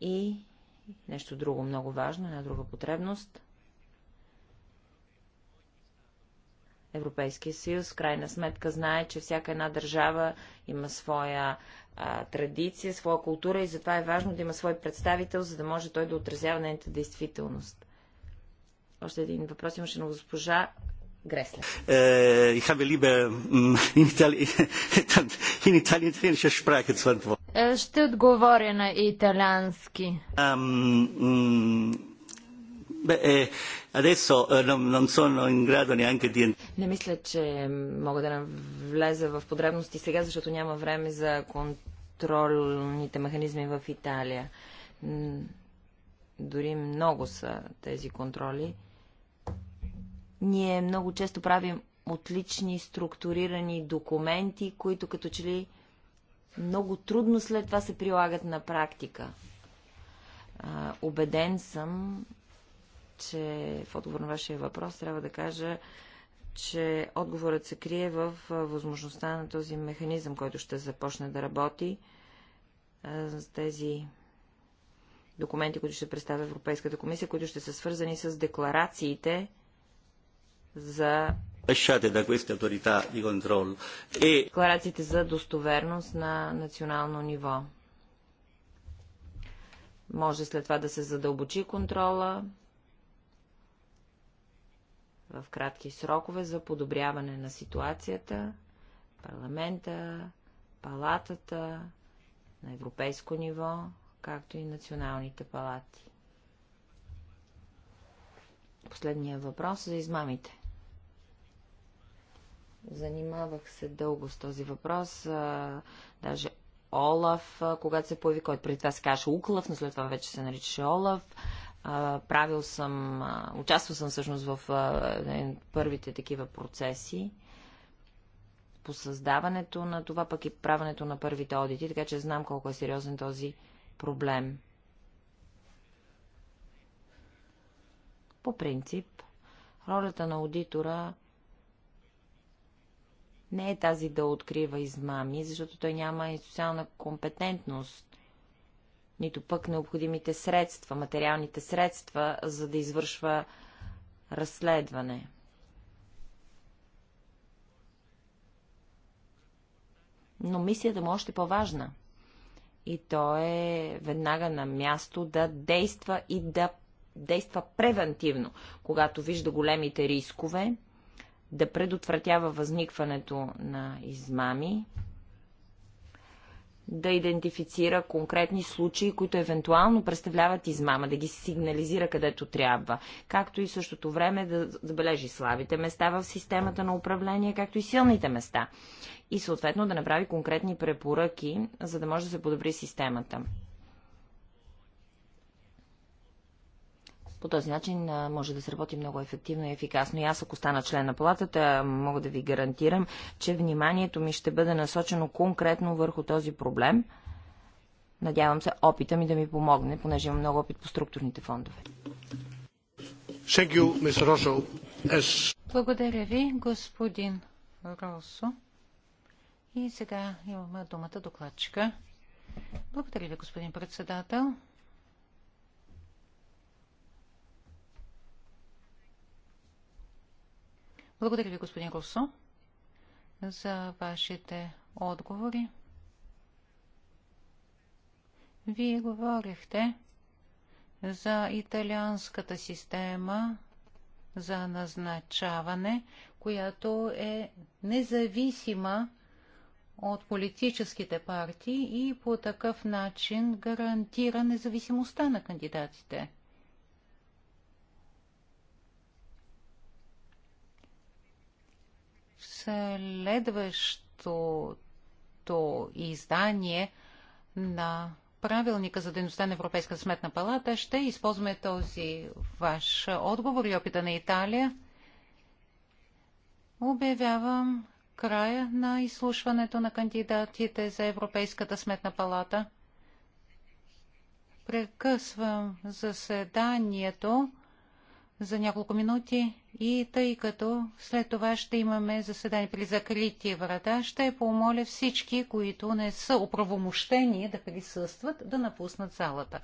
и нещо друго много важно, една друга потребност Европейския съюз. В крайна сметка знае, че всяка една държава има своя а, традиция, своя култура и затова е важно да има свой представител, за да може той да отразява нейната действителност. Още един въпрос имаше на госпожа Гресле. Е, ich habe lieber in *laughs* in italienische Sprache zu antworten. Е, ще отговоря на италянски. Eh, adesso eh, non sono in grado neanche di... Не мисля, че мога да влеза в подробности сега, защото няма време за контролните механизми в Италия. Дори много са тези контроли. Ние много често правим отлични структурирани документи, които като че ли много трудно след това се прилагат на практика. Обеден съм, че в отговор на вашия въпрос трябва да кажа, че отговорът се крие в възможността на този механизъм, който ще започне да работи с тези документи, които ще представя Европейската комисия, които ще са свързани с декларациите за e декларациите за достоверност на национално ниво. Може след това да се задълбочи контрола, в кратки срокове за подобряване на ситуацията, парламента, палатата на европейско ниво, както и националните палати. Последният въпрос за измамите. Занимавах се дълго с този въпрос. А, даже Олаф, когато се появи, който преди това се казваше Уклав, но след това вече се наричаше Олаф правил съм, участвал съм всъщност в първите такива процеси по създаването на това, пък и правенето на първите одити, така че знам колко е сериозен този проблем. По принцип, ролята на аудитора не е тази да открива измами, защото той няма и социална компетентност нито пък необходимите средства, материалните средства, за да извършва разследване. Но мисията му е още по-важна. И то е веднага на място да действа и да действа превентивно, когато вижда големите рискове, да предотвратява възникването на измами да идентифицира конкретни случаи, които евентуално представляват измама, да ги сигнализира където трябва, както и същото време да забележи слабите места в системата на управление, както и силните места и съответно да направи конкретни препоръки, за да може да се подобри системата. По този начин може да се работи много ефективно и ефикасно. И аз, ако стана член на палатата, мога да ви гарантирам, че вниманието ми ще бъде насочено конкретно върху този проблем. Надявам се опита ми да ми помогне, понеже имам много опит по структурните фондове. Благодаря ви, господин Росо. И сега имаме думата докладчика. Благодаря ви, господин председател. Благодаря ви, господин Русо, за вашите отговори. Вие говорихте за италианската система за назначаване, която е независима от политическите партии и по такъв начин гарантира независимостта на кандидатите. следващото издание на правилника за дейността на Европейската сметна палата ще използваме този ваш отговор и опита на Италия. Обявявам края на изслушването на кандидатите за Европейската сметна палата. Прекъсвам заседанието за няколко минути и тъй като след това ще имаме заседание при закрити врата, ще помоля всички, които не са оправомощени да присъстват, да напуснат залата.